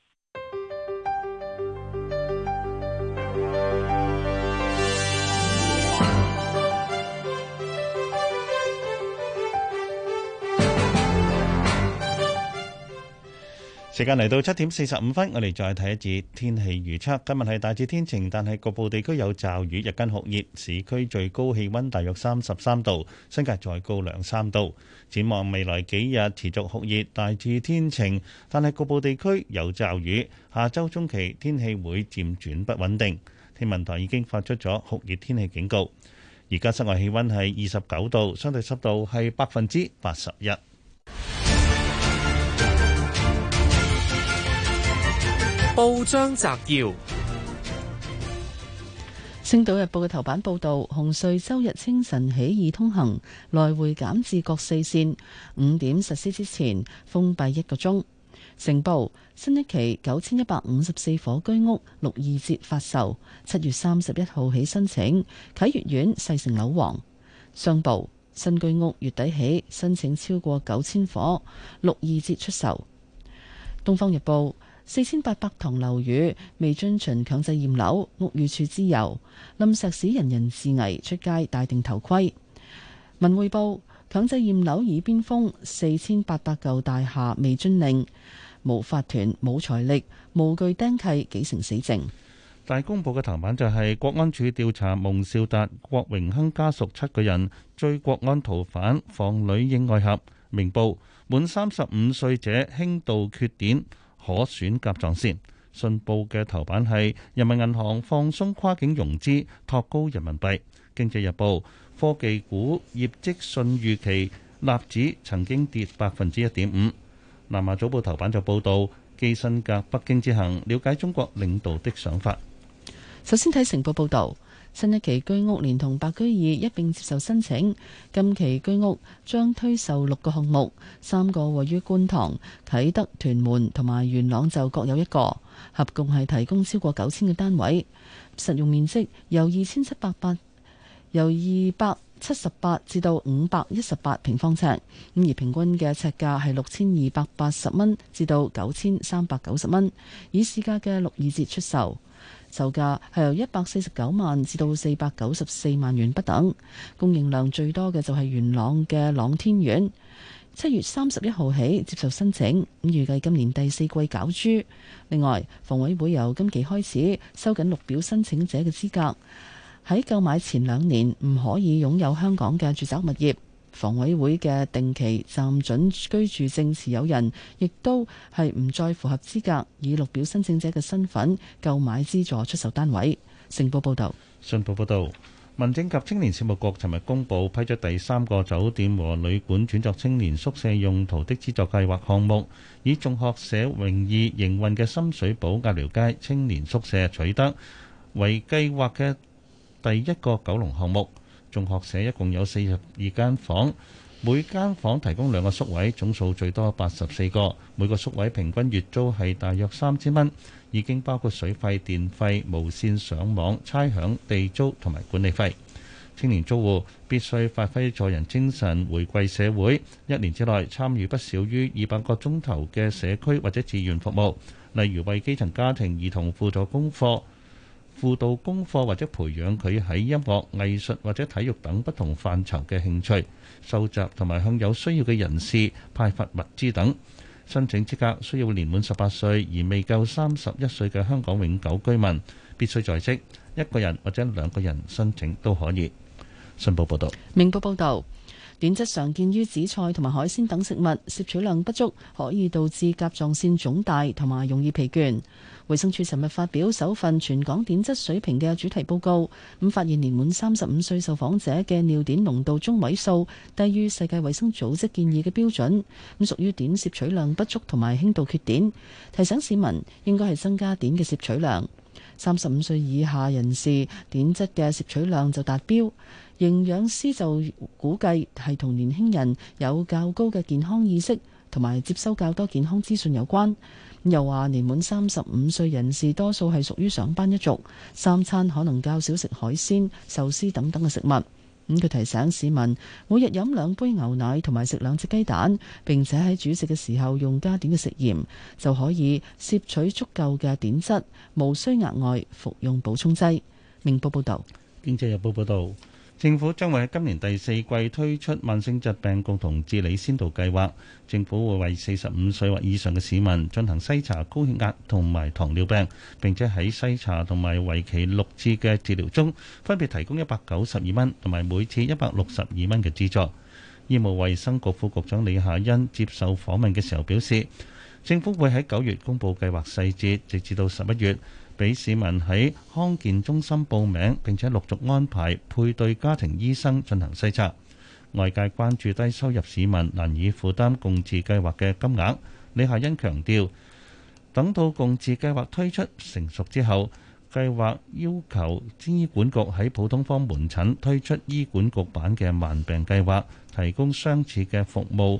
時間嚟到七點四十五分，我哋再睇一節天氣預測。今日係大致天晴，但係局部地區有驟雨。日間酷熱，市區最高氣溫大約三十三度，新界再高兩三度。展望未來幾日持續酷熱，大致天晴，但係局部地區有驟雨。下周中期天氣會漸轉不穩定，天文台已經發出咗酷熱天氣警告。而家室外氣溫係二十九度，相對濕度係百分之八十一。報章摘要：星島日報嘅頭版報道，紅隧周日清晨起易通行，來回減至各四線，五點實施之前封閉一個鐘。成報新一期九千一百五十四伙居屋六二折發售，七月三十一號起申請。啟悦苑細成樓王。商報新居屋月底起申請超過九千伙，六二折出售。東方日報。四千八百堂樓宇未遵循強制驗樓，屋宇署之由冧石屎人人自危，出街戴定頭盔。文匯報強制驗樓耳邊風，四千八百舊大廈未遵令，無法團冇財力，無具釘契，幾成死症。大公報嘅頭版就係國安處調查，蒙兆達、郭榮鏗家屬七個人追國安逃犯，防女應外合。明報滿三十五歲者輕度缺點。可選甲狀腺。信報嘅頭版係人民銀行放鬆跨境融資，托高人民幣。經濟日報科技股業績信預期，納指曾經跌百分之一點五。南華早報頭版就報道，基辛格北京之行，瞭解中國領導的想法。首先睇成報報導。新一期居屋連同白居二一並接受申請，今期居屋將推售六個項目，三個位於觀塘、啟德、屯門同埋元朗，就各有一個，合共係提供超過九千個單位，實用面積由二千七百八由二百七十八至到五百一十八平方尺，咁而平均嘅尺價係六千二百八十蚊至到九千三百九十蚊，以市價嘅六二折出售。售價係由一百四十九萬至到四百九十四萬元不等，供應量最多嘅就係元朗嘅朗天苑，七月三十一號起接受申請，咁預計今年第四季攪珠。另外，房委會由今期開始收緊綠表申請者嘅資格，喺購買前兩年唔可以擁有香港嘅住宅物業。房委會嘅定期暫准居住證持有人，亦都係唔再符合資格以綠表申請者嘅身份購買資助出售單位。成報報導，信報報導，民政及青年事務局尋日公佈批咗第三個酒店和旅館轉作青年宿舍用途的資助計劃項目，以眾學社榮意營運嘅深水埗鴨寮街青年宿舍取得為計劃嘅第一個九龍項目。眾學社一共有四十二間房，每間房提供兩個宿位，總數最多八十四個。每個宿位平均月租係大約三千蚊，已經包括水費、電費、無線上網、差餉地租同埋管理費。青年租戶必須發揮助人精神，回饋社會。一年之內參與不少於二百個鐘頭嘅社區或者志願服務，例如為基層家庭兒童輔助功課。輔導功課或者培養佢喺音樂、藝術或者體育等不同範疇嘅興趣，收集同埋向有需要嘅人士派發物資等。申請資格需要年滿十八歲而未夠三十一歲嘅香港永久居民，必須在職，一個人或者兩個人申請都可以。新報報導，明報報道。碘質常見於紫菜同埋海鮮等食物，攝取量不足可以導致甲狀腺腫大同埋容易疲倦。衛生署尋日發表首份全港碘質水平嘅主題報告，咁發現年滿三十五歲受訪者嘅尿碘濃度中位數低於世界衛生組織建議嘅標準，咁屬於碘攝取量不足同埋輕度缺碘。提醒市民應該係增加碘嘅攝取量。三十五歲以下人士碘質嘅攝取量就達標。營養師就估計係同年輕人有較高嘅健康意識同埋接收較多健康資訊有關。又話年滿三十五歲人士多數係屬於上班一族，三餐可能較少食海鮮、壽司等等嘅食物。咁、嗯、佢提醒市民，每日飲兩杯牛奶同埋食兩隻雞蛋，並且喺煮食嘅時候用加碘嘅食鹽，就可以攝取足夠嘅碘質，無需額外服用補充劑。明報報道。經濟日報報導。政府將會喺今年第四季推出慢性疾病共同治理先導計劃，政府會為四十五歲或以上嘅市民進行篩查高血壓同埋糖尿病，並且喺篩查同埋為期六次嘅治療中，分別提供一百九十二蚊同埋每次一百六十二蚊嘅資助。醫務衛生局副局長李夏茵接受訪問嘅時候表示，政府會喺九月公佈計劃細節，直至到十一月。俾市民喺康健中心報名，並且陸續安排配對家庭醫生進行篩查。外界關注低收入市民難以負擔共治計劃嘅金額，李夏茵強調，等到共治計劃推出成熟之後，計劃要求醫管局喺普通科門診推出醫管局版嘅慢病計劃，提供相似嘅服務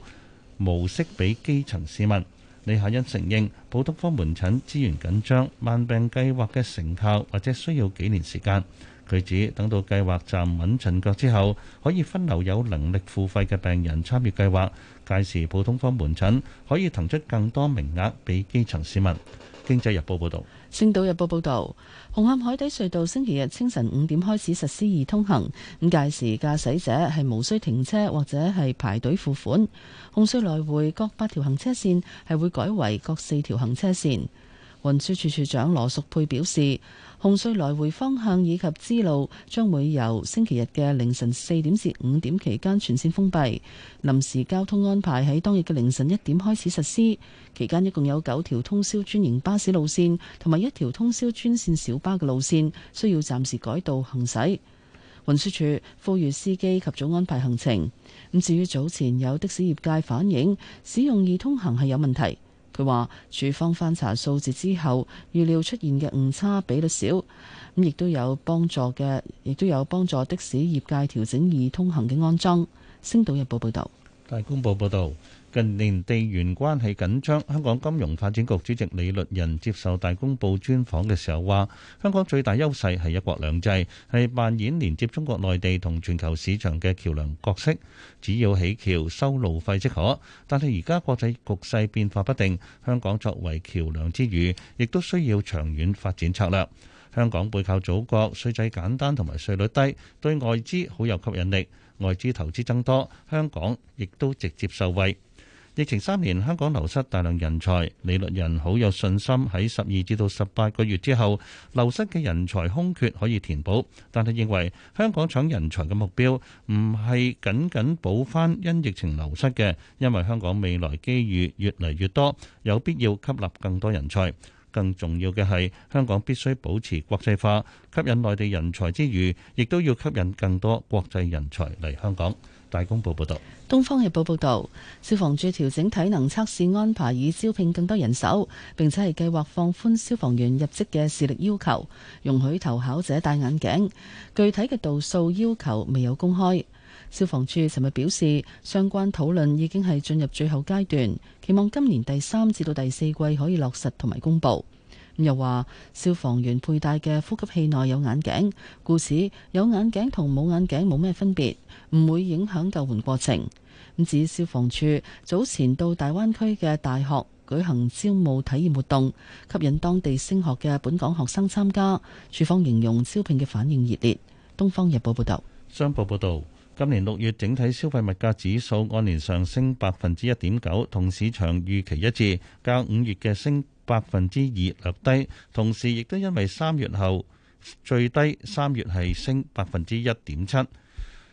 模式俾基層市民。李夏茵承認，普通科門診資源緊張，慢病計劃嘅成效或者需要幾年時間。佢指，等到計劃站穩陣腳之後，可以分流有能力付費嘅病人參與計劃，屆時普通科門診可以騰出更多名額俾基層市民。經濟日報報導。星島日報報道，紅磡海底隧道星期日清晨五點開始實施易通行，咁屆時駕駛者係無需停車或者係排隊付款。紅隧來回各八條行車線係會改為各四條行車線。運輸處處長羅淑佩表示，紅隧來回方向以及支路將會由星期日嘅凌晨四點至五點期間全線封閉，臨時交通安排喺當日嘅凌晨一點開始實施，期間一共有九條通宵專營巴士路線同埋一條通宵專線小巴嘅路線需要暫時改道行駛。運輸署呼籲司機及早安排行程。咁至於早前有的士業界反映使用易通行係有問題。佢話：處方翻查數字之後，預料出現嘅誤差比率少，咁亦都有幫助嘅，亦都有幫助的士業界調整易通行嘅安裝。星島日報報道。大公報報道。近年地緣關係緊張，香港金融發展局主席李律仁接受《大公報》專訪嘅時候話：香港最大優勢係一國兩制，係扮演連接中國內地同全球市場嘅橋梁角色，只要起橋收路費即可。但係而家國際局勢變化不定，香港作為橋梁之餘，亦都需要長遠發展策略。香港背靠祖國，稅制簡單同埋稅率低，對外資好有吸引力，外資投資增多，香港亦都直接受惠。疫情三年，香港流失大量人才。李律人好有信心喺十二至到十八個月之後，流失嘅人才空缺可以填補，但係認為香港搶人才嘅目標唔係僅僅補翻因疫情流失嘅，因為香港未來機遇越嚟越多，有必要吸納更多人才。更重要嘅係，香港必須保持國際化，吸引內地人才之餘，亦都要吸引更多國際人才嚟香港。大公報報道，東方日報報道，消防處調整體能測試安排，以招聘更多人手，並且係計劃放寬消防員入職嘅視力要求，容許投考者戴眼鏡。具體嘅度數要求未有公開。消防處尋日表示，相關討論已經係進入最後階段，期望今年第三至到第四季可以落實同埋公佈。又話消防員佩戴嘅呼吸器內有眼鏡，故此有眼鏡同冇眼鏡冇咩分別，唔會影響救援過程。指消防處早前到大灣區嘅大學舉行招募體驗活動，吸引當地升學嘅本港學生參加。處方形容招聘嘅反應熱烈。《東方日報》報道。《商報》報道，今年六月整體消費物價指數按年上升百分之一點九，同市場預期一致，較五月嘅升百分之二略低，同時亦都因為三月後最低，三月係升百分之一點七。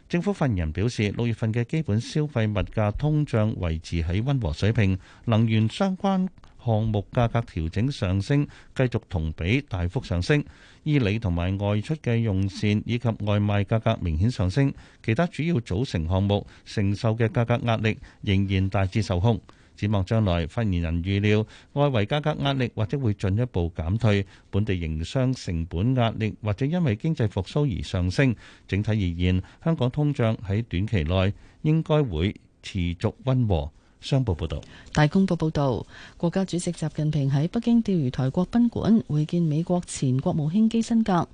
政府發言人表示，六月份嘅基本消費物價通脹維持喺溫和水平，能源相關項目價格調整上升，繼續同比大幅上升。衣履同埋外出嘅用膳以及外賣價格明顯上升，其他主要組成項目承受嘅價格壓力仍然大致受控。展望將來，發言人預料外圍價格壓力或者會進一步減退，本地營商成本壓力或者因為經濟復蘇而上升。整體而言，香港通脹喺短期內應該會持續溫和。商報報道，大公報報道，國家主席習近平喺北京釣魚台國賓館會見美國前國務卿基辛格。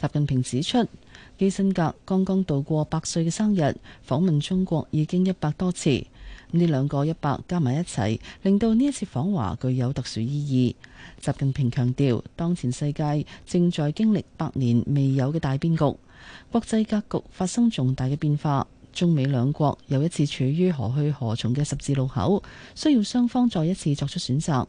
習近平指出，基辛格剛剛度過百歲嘅生日，訪問中國已經一百多次。呢兩個一百加埋一齊，令到呢一次訪華具有特殊意義。習近平強調，當前世界正在經歷百年未有嘅大變局，國際格局發生重大嘅變化，中美兩國又一次處於何去何從嘅十字路口，需要雙方再一次作出選擇。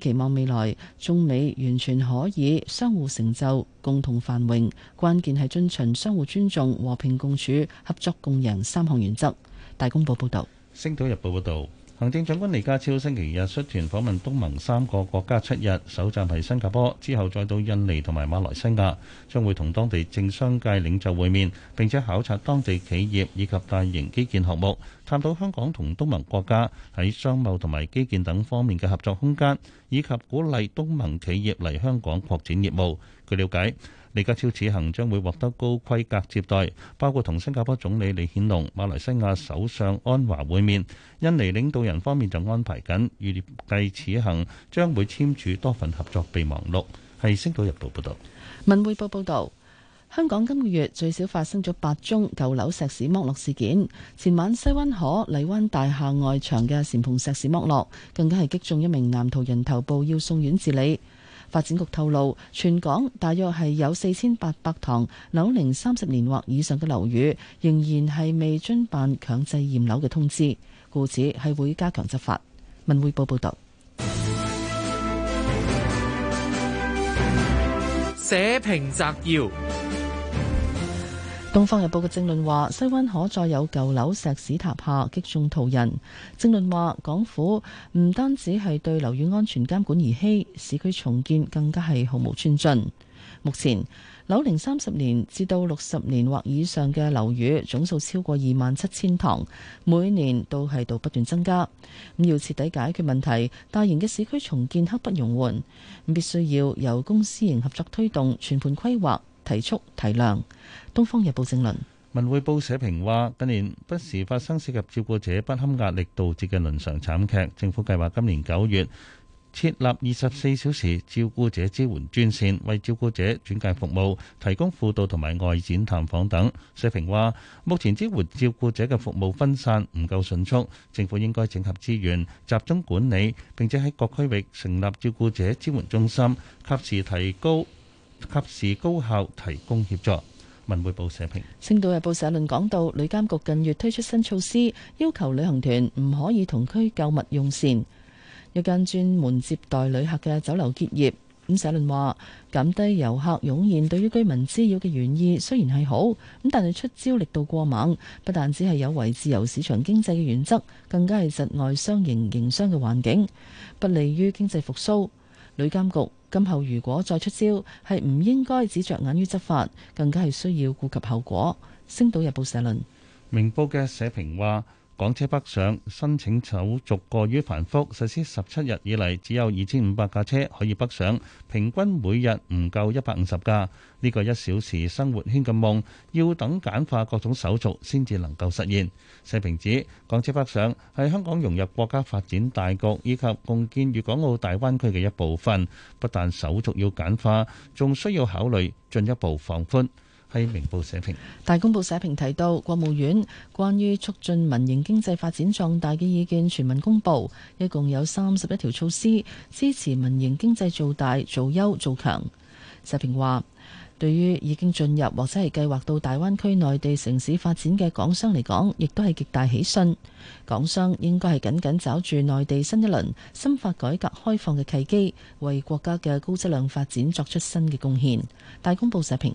期望未來中美完全可以相互成就、共同繁榮，關鍵係遵循相互尊重、和平共處、合作共贏三項原則。大公報報導。《星島日報》報導，行政長官李家超星期日率團訪問東盟三個國家七日，首站係新加坡，之後再到印尼同埋馬來西亞，將會同當地政商界領袖會面，並且考察當地企業以及大型基建項目，探討香港同東盟國家喺商貿同埋基建等方面嘅合作空間，以及鼓勵東盟企業嚟香港擴展業務。據了解。李家超此行將會獲得高規格接待，包括同新加坡總理李顯龍、馬來西亞首相安華會面。印尼領導人方面就安排緊，預計此行將會簽署多份合作備忘錄。係《星島日報》報道。《文匯報》報道，香港今個月最少發生咗八宗舊樓石屎剝落事件。前晚西灣河麗灣大廈外牆嘅簷篷石屎剝落，更加係擊中一名男途人頭部，要送院治理。發展局透露，全港大約係有四千八百幢樓齡三十年或以上嘅樓宇，仍然係未遵辦強制驗樓嘅通知，故此係會加強執法。文匯報報道。社評摘要。《東方日報》嘅正論話：西灣河再有舊樓石屎塌下擊中途人。正論話，港府唔單止係對樓宇安全監管兒戲，市區重建更加係毫無寸進。目前樓齡三十年至到六十年或以上嘅樓宇總數超過二萬七千幢，每年都係度不斷增加。咁要徹底解決問題，大型嘅市區重建刻不容緩，必須要由公私營合作推動全盤規劃，提速提量。《東方日報》正論文匯報社評話：近年不時發生涉及照顧者不堪壓力導致嘅倫常慘劇。政府計劃今年九月設立二十四小時照顧者支援專線，為照顧者轉介服務提供輔導同埋外展探訪等。社評話：目前支援照顧者嘅服務分散，唔夠迅速。政府應該整合資源，集中管理，並且喺各區域成立照顧者支援中心，及時提高及時高效提供協助。文匯報社評，《星島日報》社論講到，旅監局近月推出新措施，要求旅行團唔可以同區購物用膳。有間專門接待旅客嘅酒樓結業，咁社論話減低遊客湧現對於居民滋擾嘅原意，雖然係好，咁但係出招力度過猛，不但只係有違自由市場經濟嘅原則，更加係窒礙商營營商嘅環境，不利於經濟復蘇。旅監局今後如果再出招，係唔應該只着眼於執法，更加係需要顧及後果。星島日報社論，明報嘅社評話。港車北上申請手續過於繁複，實施十七日以嚟，只有二千五百架車可以北上，平均每日唔夠一百五十架。呢個一小時生活圈嘅夢，要等簡化各種手續先至能夠實現。世平指港車北上係香港融入國家發展大局以及共建粵港澳大灣區嘅一部分，不但手續要簡化，仲需要考慮進一步放寬。喺《明報社評》大公報社評提到，國務院關於促進民營經濟發展壯大嘅意見全文公佈，一共有三十一條措施，支持民營經濟做大、做優、做強。社評話，對於已經進入或者係計劃到大灣區內地城市發展嘅港商嚟講，亦都係極大喜訊。港商應該係緊緊抓住內地新一輪深化改革開放嘅契機，為國家嘅高質量發展作出新嘅貢獻。大公報社評。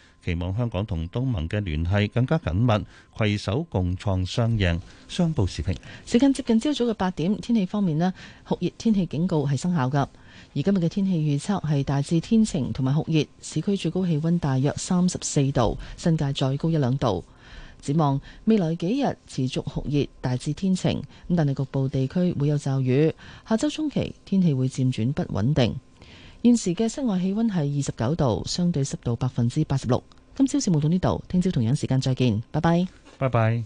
期望香港同東盟嘅聯繫更加緊密，携手共創雙贏。商報時評，時間接近朝早嘅八點，天氣方面咧，酷熱天氣警告係生效噶。而今日嘅天氣預測係大致天晴同埋酷熱，市區最高氣溫大約三十四度，新界再高一兩度。展望未來幾日持續酷熱大致天晴，咁但係局部地區會有驟雨。下周中期天氣會漸轉不穩定。現時嘅室外氣溫係二十九度，相對濕度百分之八十六。今朝節目到呢度，聽朝同樣時間再見，拜拜，拜拜。